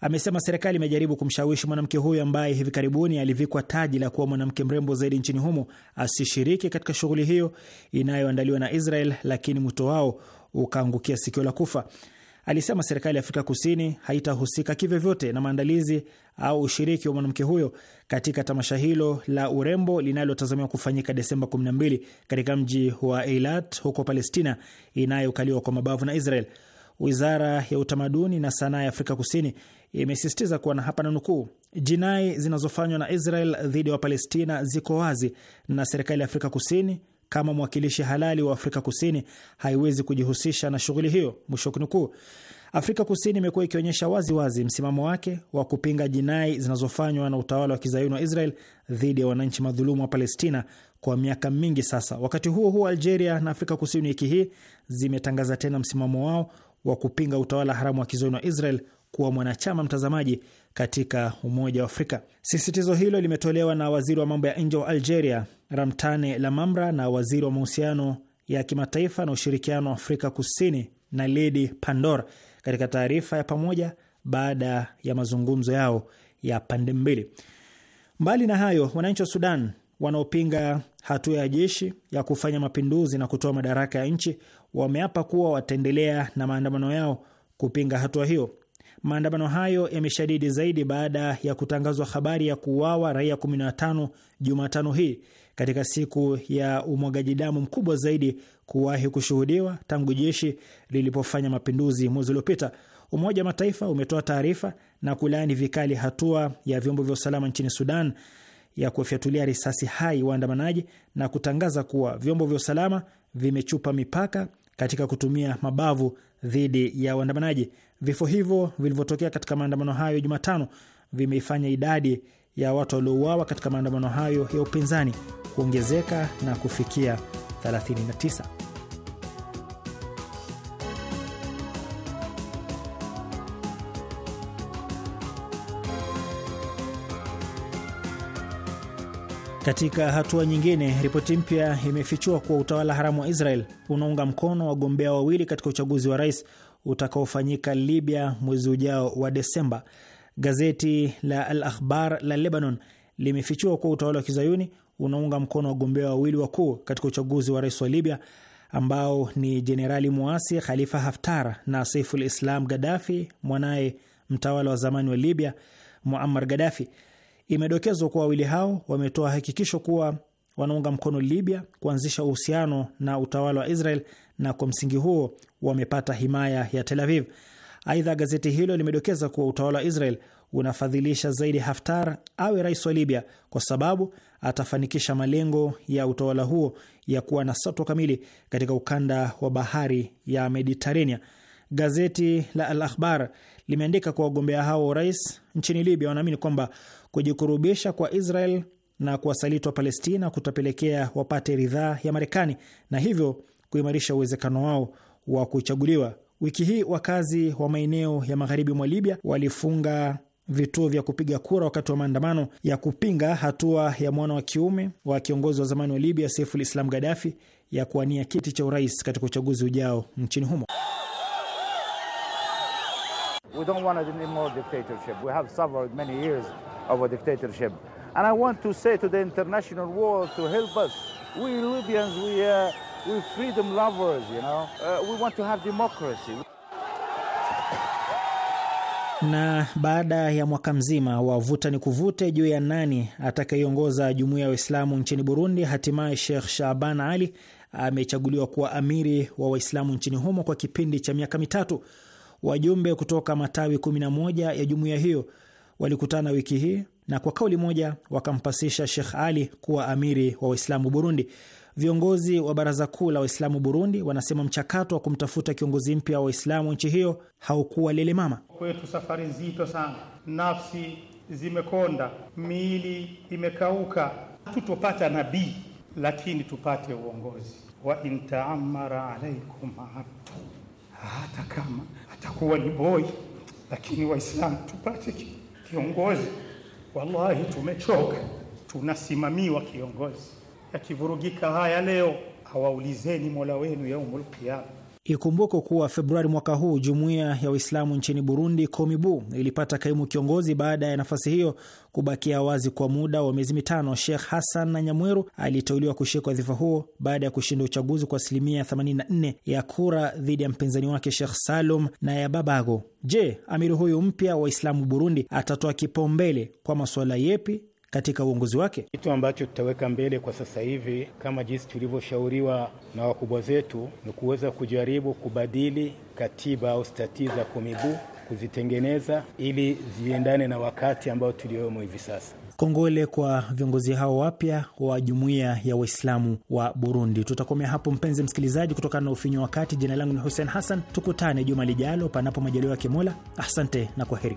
amesema serikali imejaribu kumshawishi mwanamke huyo ambaye hivi karibuni alivikwa taji la kuwa mwanamke mrembo zaidi nchini humo asishiriki katika shughuli hiyo inayoandaliwa na Israel, lakini mwito wao ukaangukia sikio la kufa alisema serikali ya Afrika Kusini haitahusika kivyovyote na maandalizi au ushiriki wa mwanamke huyo katika tamasha hilo la urembo linalotazamiwa kufanyika Desemba 12 katika mji wa Eilat huko Palestina inayokaliwa kwa mabavu na Israel. Wizara ya utamaduni na sanaa ya Afrika Kusini imesisitiza kuwa na hapa na nukuu, jinai zinazofanywa na Israel dhidi ya Wapalestina ziko wazi na serikali ya Afrika Kusini kama mwakilishi halali wa Afrika Kusini haiwezi kujihusisha na shughuli hiyo, mwisho kunukuu. Afrika Kusini imekuwa ikionyesha waziwazi msimamo wake wa kupinga jinai zinazofanywa na utawala wa kizayuni wa Israel dhidi ya wananchi madhulumu wa Palestina kwa miaka mingi sasa. Wakati huo huo, Algeria na Afrika Kusini wiki hii zimetangaza tena msimamo wao wa kupinga utawala haramu wa kizayuni wa Israel kuwa mwanachama mtazamaji katika Umoja wa Afrika. Sisitizo hilo limetolewa na waziri wa mambo ya nje wa Algeria, Ramtane Lamamra, na waziri wa mahusiano ya kimataifa na ushirikiano wa Afrika Kusini na Ledi Pandor katika taarifa ya pamoja baada ya mazungumzo yao ya pande mbili. Mbali na hayo, wananchi wa Sudan wanaopinga hatua ya jeshi ya kufanya mapinduzi na kutoa madaraka ya nchi wameapa kuwa wataendelea na maandamano yao kupinga hatua hiyo. Maandamano hayo yameshadidi zaidi baada ya kutangazwa habari ya kuuawa raia 15 Jumatano hii katika siku ya umwagaji damu mkubwa zaidi kuwahi kushuhudiwa tangu jeshi lilipofanya mapinduzi mwezi uliopita. Umoja wa Mataifa umetoa taarifa na kulaani vikali hatua ya vyombo vya usalama nchini Sudan ya kufyatulia risasi hai waandamanaji na kutangaza kuwa vyombo vya usalama vimechupa mipaka katika kutumia mabavu dhidi ya waandamanaji. Vifo hivyo vilivyotokea katika maandamano hayo Jumatano vimeifanya idadi ya watu waliouawa katika maandamano hayo ya upinzani kuongezeka na kufikia 39. Katika hatua nyingine, ripoti mpya imefichua kuwa utawala haramu wa Israel unaunga mkono wagombea wawili katika uchaguzi wa rais utakaofanyika Libya mwezi ujao wa Desemba. Gazeti la Al Akhbar la Lebanon limefichua kuwa utawala wa kizayuni unaunga mkono wagombea wawili wakuu katika uchaguzi wa rais wa Libya ambao ni jenerali muasi Khalifa Haftar na Saiful Islam Gaddafi, mwanaye mtawala wa zamani wa Libya Muammar Gaddafi. Imedokezwa kuwa wawili hao wametoa hakikisho kuwa wanaunga mkono Libya kuanzisha uhusiano na utawala wa Israel na kwa msingi huo wamepata himaya ya Tel Aviv. Aidha, gazeti hilo limedokeza kuwa utawala wa Israel unafadhilisha zaidi Haftar awe rais wa Libya kwa sababu atafanikisha malengo ya utawala huo ya kuwa na satwa kamili katika ukanda wa bahari ya Mediterania. Gazeti la Al Akhbar limeandika kuwa wagombea hao wa urais nchini Libya wanaamini kwamba kujikurubisha kwa Israel na kuwasaliti palestina kutapelekea wapate ridhaa ya Marekani na hivyo kuimarisha uwezekano wao wa kuchaguliwa. Wiki hii wakazi wa maeneo ya magharibi mwa Libya walifunga vituo vya kupiga kura wakati wa maandamano ya kupinga hatua ya mwana wa kiume wa kiongozi wa zamani wa Libya Saiful Islam Gaddafi ya kuwania kiti cha urais katika uchaguzi ujao nchini humo. We don't want of a dictatorship. And I want to say to the international world to help us. We Libyans, we, are uh, we're freedom lovers, you know. Uh, we want to have democracy. Na baada ya mwaka mzima wa vuta ni kuvute juu ya nani atakayeongoza jumuiya ya Waislamu nchini Burundi, hatimaye Sheikh Shaban Ali amechaguliwa kuwa amiri wa Waislamu nchini humo kwa kipindi cha miaka mitatu. Wajumbe kutoka matawi 11 ya jumuiya hiyo walikutana wiki hii na kwa kauli moja wakampasisha Sheikh Ali kuwa amiri wa Waislamu Burundi. Viongozi wa Baraza Kuu la Waislamu Burundi wanasema mchakato wa kumtafuta kiongozi mpya wa Waislamu nchi hiyo haukuwa mama. Kwetu safari nzito sana, nafsi zimekonda, miili imekauka. Hatutopata nabii, lakini tupate uongozi wa intaamara alaikum abdu, hata kama atakuwa ni boi, lakini Waislamu tupate Kiongozi wallahi, tumechoka, tunasimamiwa kiongozi. Yakivurugika haya leo, hawaulizeni mola wenu yaumul qiyama. Ikumbukwe kuwa Februari mwaka huu jumuiya ya Waislamu nchini Burundi, Komibu, ilipata kaimu kiongozi baada ya nafasi hiyo kubakia wazi kwa muda wa miezi mitano. Sheikh Hassan na Nyamweru aliteuliwa kushika wadhifa huo baada ya kushinda uchaguzi kwa asilimia 84 ya kura dhidi ya mpinzani wake Sheikh Salum na ya Babago. Je, amiri huyu mpya wa Waislamu Burundi atatoa kipaumbele kwa masuala yepi katika uongozi wake? Kitu ambacho tutaweka mbele kwa sasa hivi kama jinsi tulivyoshauriwa na wakubwa zetu ni kuweza kujaribu kubadili katiba au stati za Komibu, kuzitengeneza ili ziendane na wakati ambao tuliomo hivi sasa. Kongole kwa viongozi hao wapya wa jumuiya ya Waislamu wa Burundi. Tutakomea hapo mpenzi msikilizaji, kutokana na ufinyo wa wakati. Jina langu ni Hussein Hassan, tukutane juma lijalo, panapo majaliwa ya Kimola. Asante na kwa heri.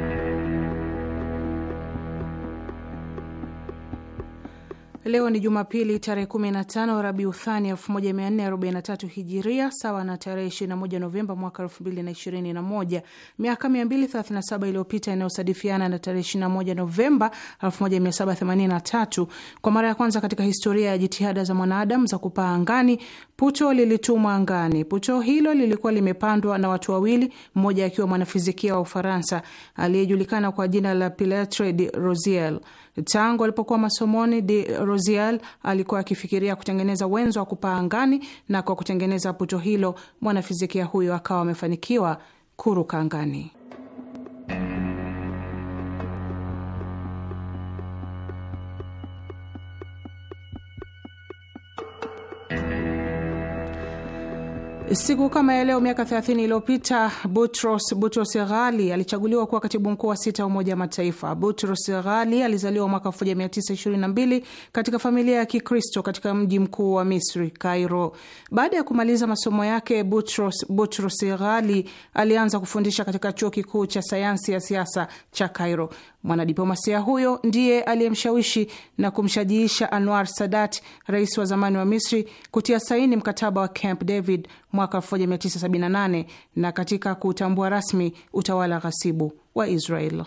Leo ni Jumapili tarehe 15 uthani 1443 Hijiria, sawa na tarehe 21 Novemba mwaka 2021. Miaka 237 iliyopita inayosadifiana na tarehe 21 Novemba 1783, kwa mara ya kwanza katika historia ya jitihada za mwanadamu za kupaa angani, puto lilitumwa angani. Puto hilo lilikuwa limepandwa na watu wawili, mmoja akiwa mwanafizikia wa Ufaransa aliyejulikana kwa jina la pilatre de rosiel Tangu alipokuwa masomoni, de Rosiel alikuwa akifikiria kutengeneza wenzo wa kupaa angani, na kwa kutengeneza puto hilo mwanafizikia huyo akawa amefanikiwa kuruka angani. Siku kama ya leo miaka 30 iliyopita Butros Butros Ghali alichaguliwa kuwa katibu mkuu wa sita wa Umoja wa Mataifa. Butros Ghali alizaliwa mwaka 1922 katika familia ya Kikristo katika mji mkuu wa Misri, Cairo. Baada ya kumaliza masomo yake, Butros Butros Ghali alianza kufundisha katika chuo kikuu cha sayansi ya siasa cha Cairo. Mwanadiplomasia huyo ndiye aliyemshawishi na kumshajiisha Anwar Sadat, rais wa zamani wa Misri, kutia saini mkataba wa Camp David mwaka 1978 na katika kutambua rasmi utawala ghasibu wa Israel.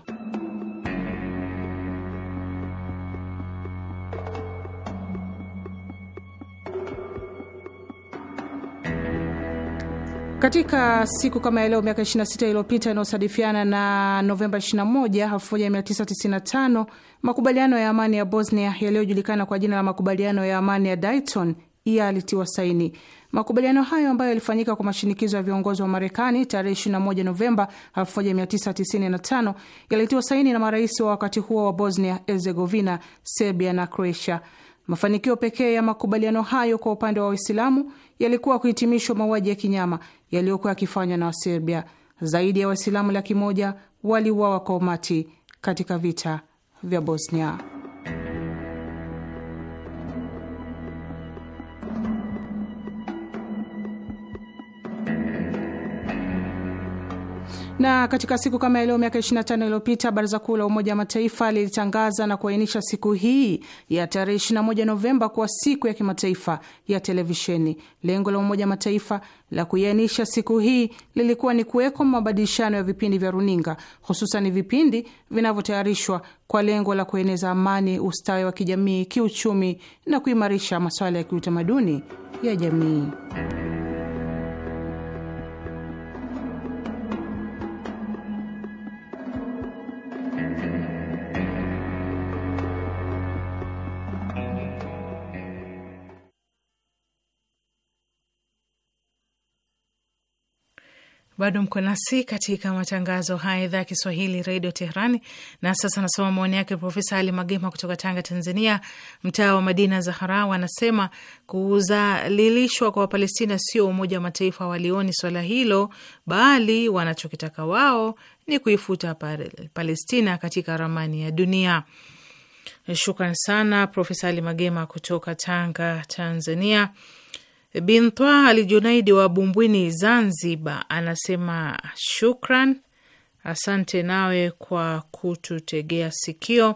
Katika siku kama ya leo miaka 26 iliyopita inayosadifiana na Novemba 21, 1995 makubaliano ya amani ya Bosnia yaliyojulikana kwa jina la makubaliano ya amani ya Dayton yalitiwa saini. Makubaliano hayo ambayo yalifanyika kwa mashinikizo ya viongozi wa Marekani tarehe 21 Novemba 1995 yalitiwa saini na marais wa wakati huo wa Bosnia Herzegovina, Serbia na Croatia. Mafanikio pekee ya makubaliano hayo kwa upande wa Waislamu yalikuwa kuhitimishwa mauaji ya kinyama yaliyokuwa yakifanywa na Waserbia. Zaidi ya Waislamu laki moja waliuawa kwa umati katika vita vya Bosnia. Na katika siku kama ya leo miaka 25 iliyopita Baraza Kuu la Umoja wa Mataifa lilitangaza na kuainisha siku hii ya tarehe 21 Novemba kuwa siku ya kimataifa ya televisheni. Lengo la Umoja wa Mataifa la kuiainisha siku hii lilikuwa ni kuweko mabadilishano ya vipindi vya runinga, hususan vipindi vinavyotayarishwa kwa lengo la kueneza amani, ustawi wa kijamii, kiuchumi na kuimarisha masuala ya kiutamaduni ya jamii. Bado mko nasi katika matangazo haya, idhaa ya Kiswahili redio Teherani. Na sasa nasoma maoni yake Profesa Ali Magema kutoka Tanga, Tanzania, mtaa wa Madina Zaharau. Anasema kuzalilishwa kwa Wapalestina sio Umoja wa Mataifa walioni swala hilo, bali wanachokitaka wao ni kuifuta Palestina katika ramani ya dunia. Shukran sana Profesa Ali Magema kutoka Tanga, Tanzania. Bintwa alijunaidi wa Bumbwini, Zanzibar, anasema shukran, asante nawe kwa kututegea sikio.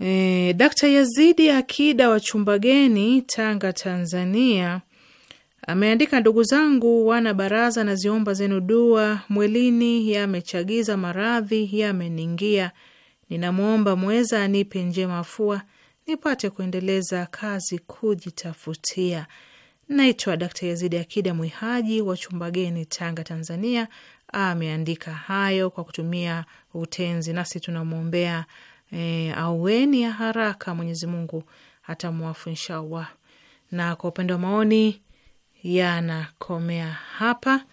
E, Dakta Yazidi Akida wa Chumbageni, Tanga, Tanzania, ameandika ndugu zangu wana baraza, na ziomba zenu dua. Mwelini yamechagiza maradhi yameningia ninamwomba mweza anipe njema afua nipate kuendeleza kazi kujitafutia. Naitwa Dakta Yazidi Akida Mwihaji wa Chumbageni, Tanga, Tanzania. Ameandika hayo kwa kutumia utenzi, nasi tunamwombea e, aweni ya haraka. Mwenyezi Mungu atamwafu inshallah. Na kwa upande wa maoni yanakomea hapa,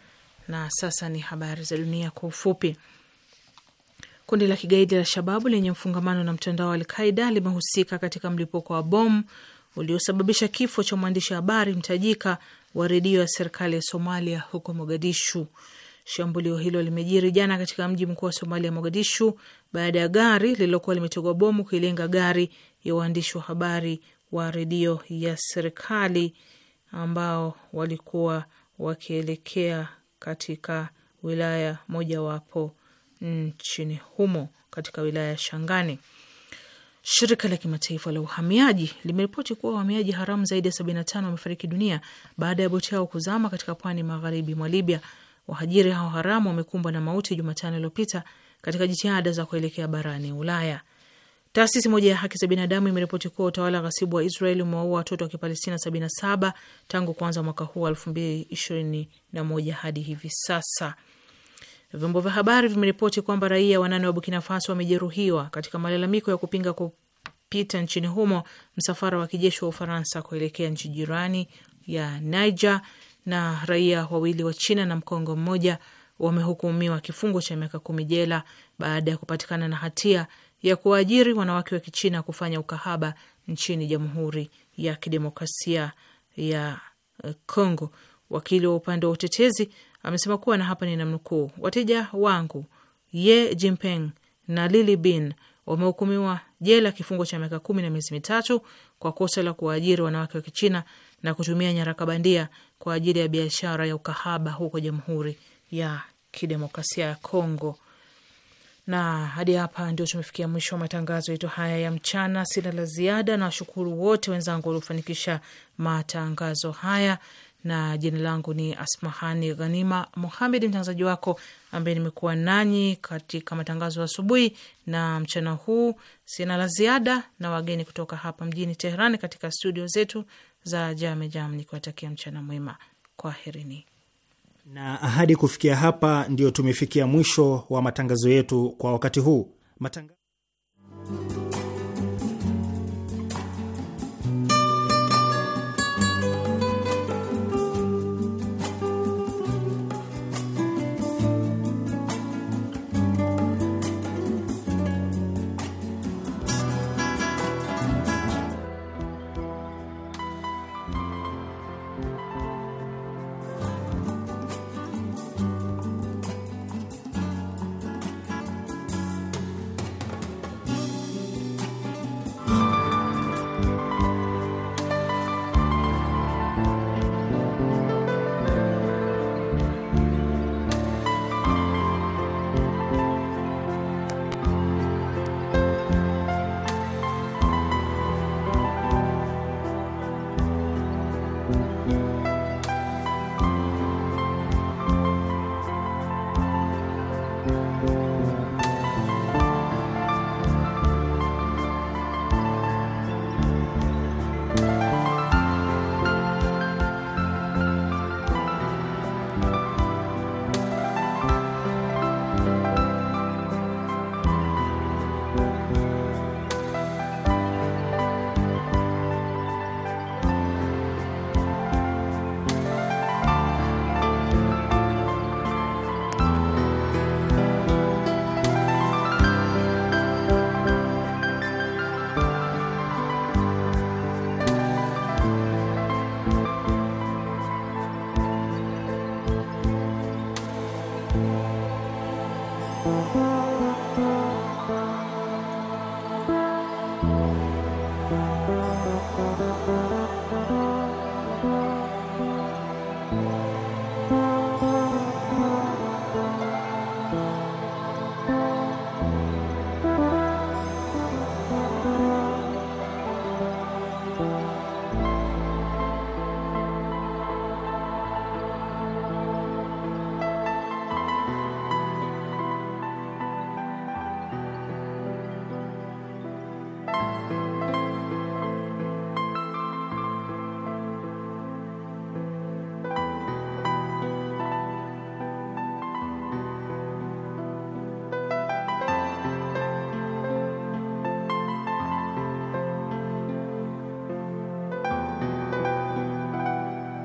na sasa ni habari za dunia kwa ufupi. Kundi la kigaidi la Shababu lenye mfungamano na mtandao wa Alqaida limehusika katika mlipuko wa bomu uliosababisha kifo cha mwandishi habari mtajika wa redio ya serikali ya Somalia huko Mogadishu. Shambulio hilo limejiri jana katika mji mkuu wa Somalia, Mogadishu, baada ya gari lililokuwa limetegwa bomu kuilenga gari ya waandishi wa habari wa redio ya serikali ambao walikuwa wakielekea katika wilaya mojawapo nchini humo katika wilaya ya Shangani. Shirika la kimataifa la uhamiaji limeripoti kuwa wahamiaji haramu zaidi ya 75 wamefariki dunia baada ya boti yao kuzama katika pwani magharibi mwa Libya. Wahajiri hao haramu wamekumbwa na mauti Jumatano iliyopita katika jitihada za kuelekea barani Ulaya. Taasisi moja ya haki za binadamu imeripoti kuwa utawala ghasibu wa Israel umewaua watoto wa Kipalestina 77 tangu kuanza mwaka huu wa 2021 hadi hivi sasa. Vyombo vya habari vimeripoti kwamba raia wanane wa Burkina Faso wamejeruhiwa katika malalamiko ya kupinga kupita nchini humo msafara wa kijeshi wa Ufaransa kuelekea nchi jirani ya Niger, na raia wawili wa China na Mkongo mmoja wamehukumiwa kifungo cha miaka kumi jela baada ya kupatikana na hatia ya kuwaajiri wanawake wa Kichina kufanya ukahaba nchini Jamhuri ya Kidemokrasia ya Kongo. Wakili wa upande wa utetezi amesema kuwa na hapa ni namnukuu, wateja wangu Ye Jinping na Lili Bin wamehukumiwa jela kifungo cha miaka kumi na miezi mitatu kwa kosa la kuwaajiri wanawake wa Kichina na kutumia nyaraka bandia kwa ajili ya biashara ya ukahaba huko Jamhuri ya Kidemokrasia ya Kongo. Na hadi hapa ndio tumefikia mwisho wa matangazo yetu haya ya mchana. Sina la ziada na washukuru wote wenzangu waliofanikisha matangazo haya na jina langu ni Asmahani Ghanima Muhamed, mtangazaji wako ambaye nimekuwa nanyi katika matangazo asubuhi na mchana huu. Sina la ziada na wageni kutoka hapa mjini Teherani katika studio zetu za Jamejam, nikiwatakia mchana mwema. Kwaherini na ahadi. Kufikia hapa, ndio tumefikia mwisho wa matangazo yetu kwa wakati huu Matanga...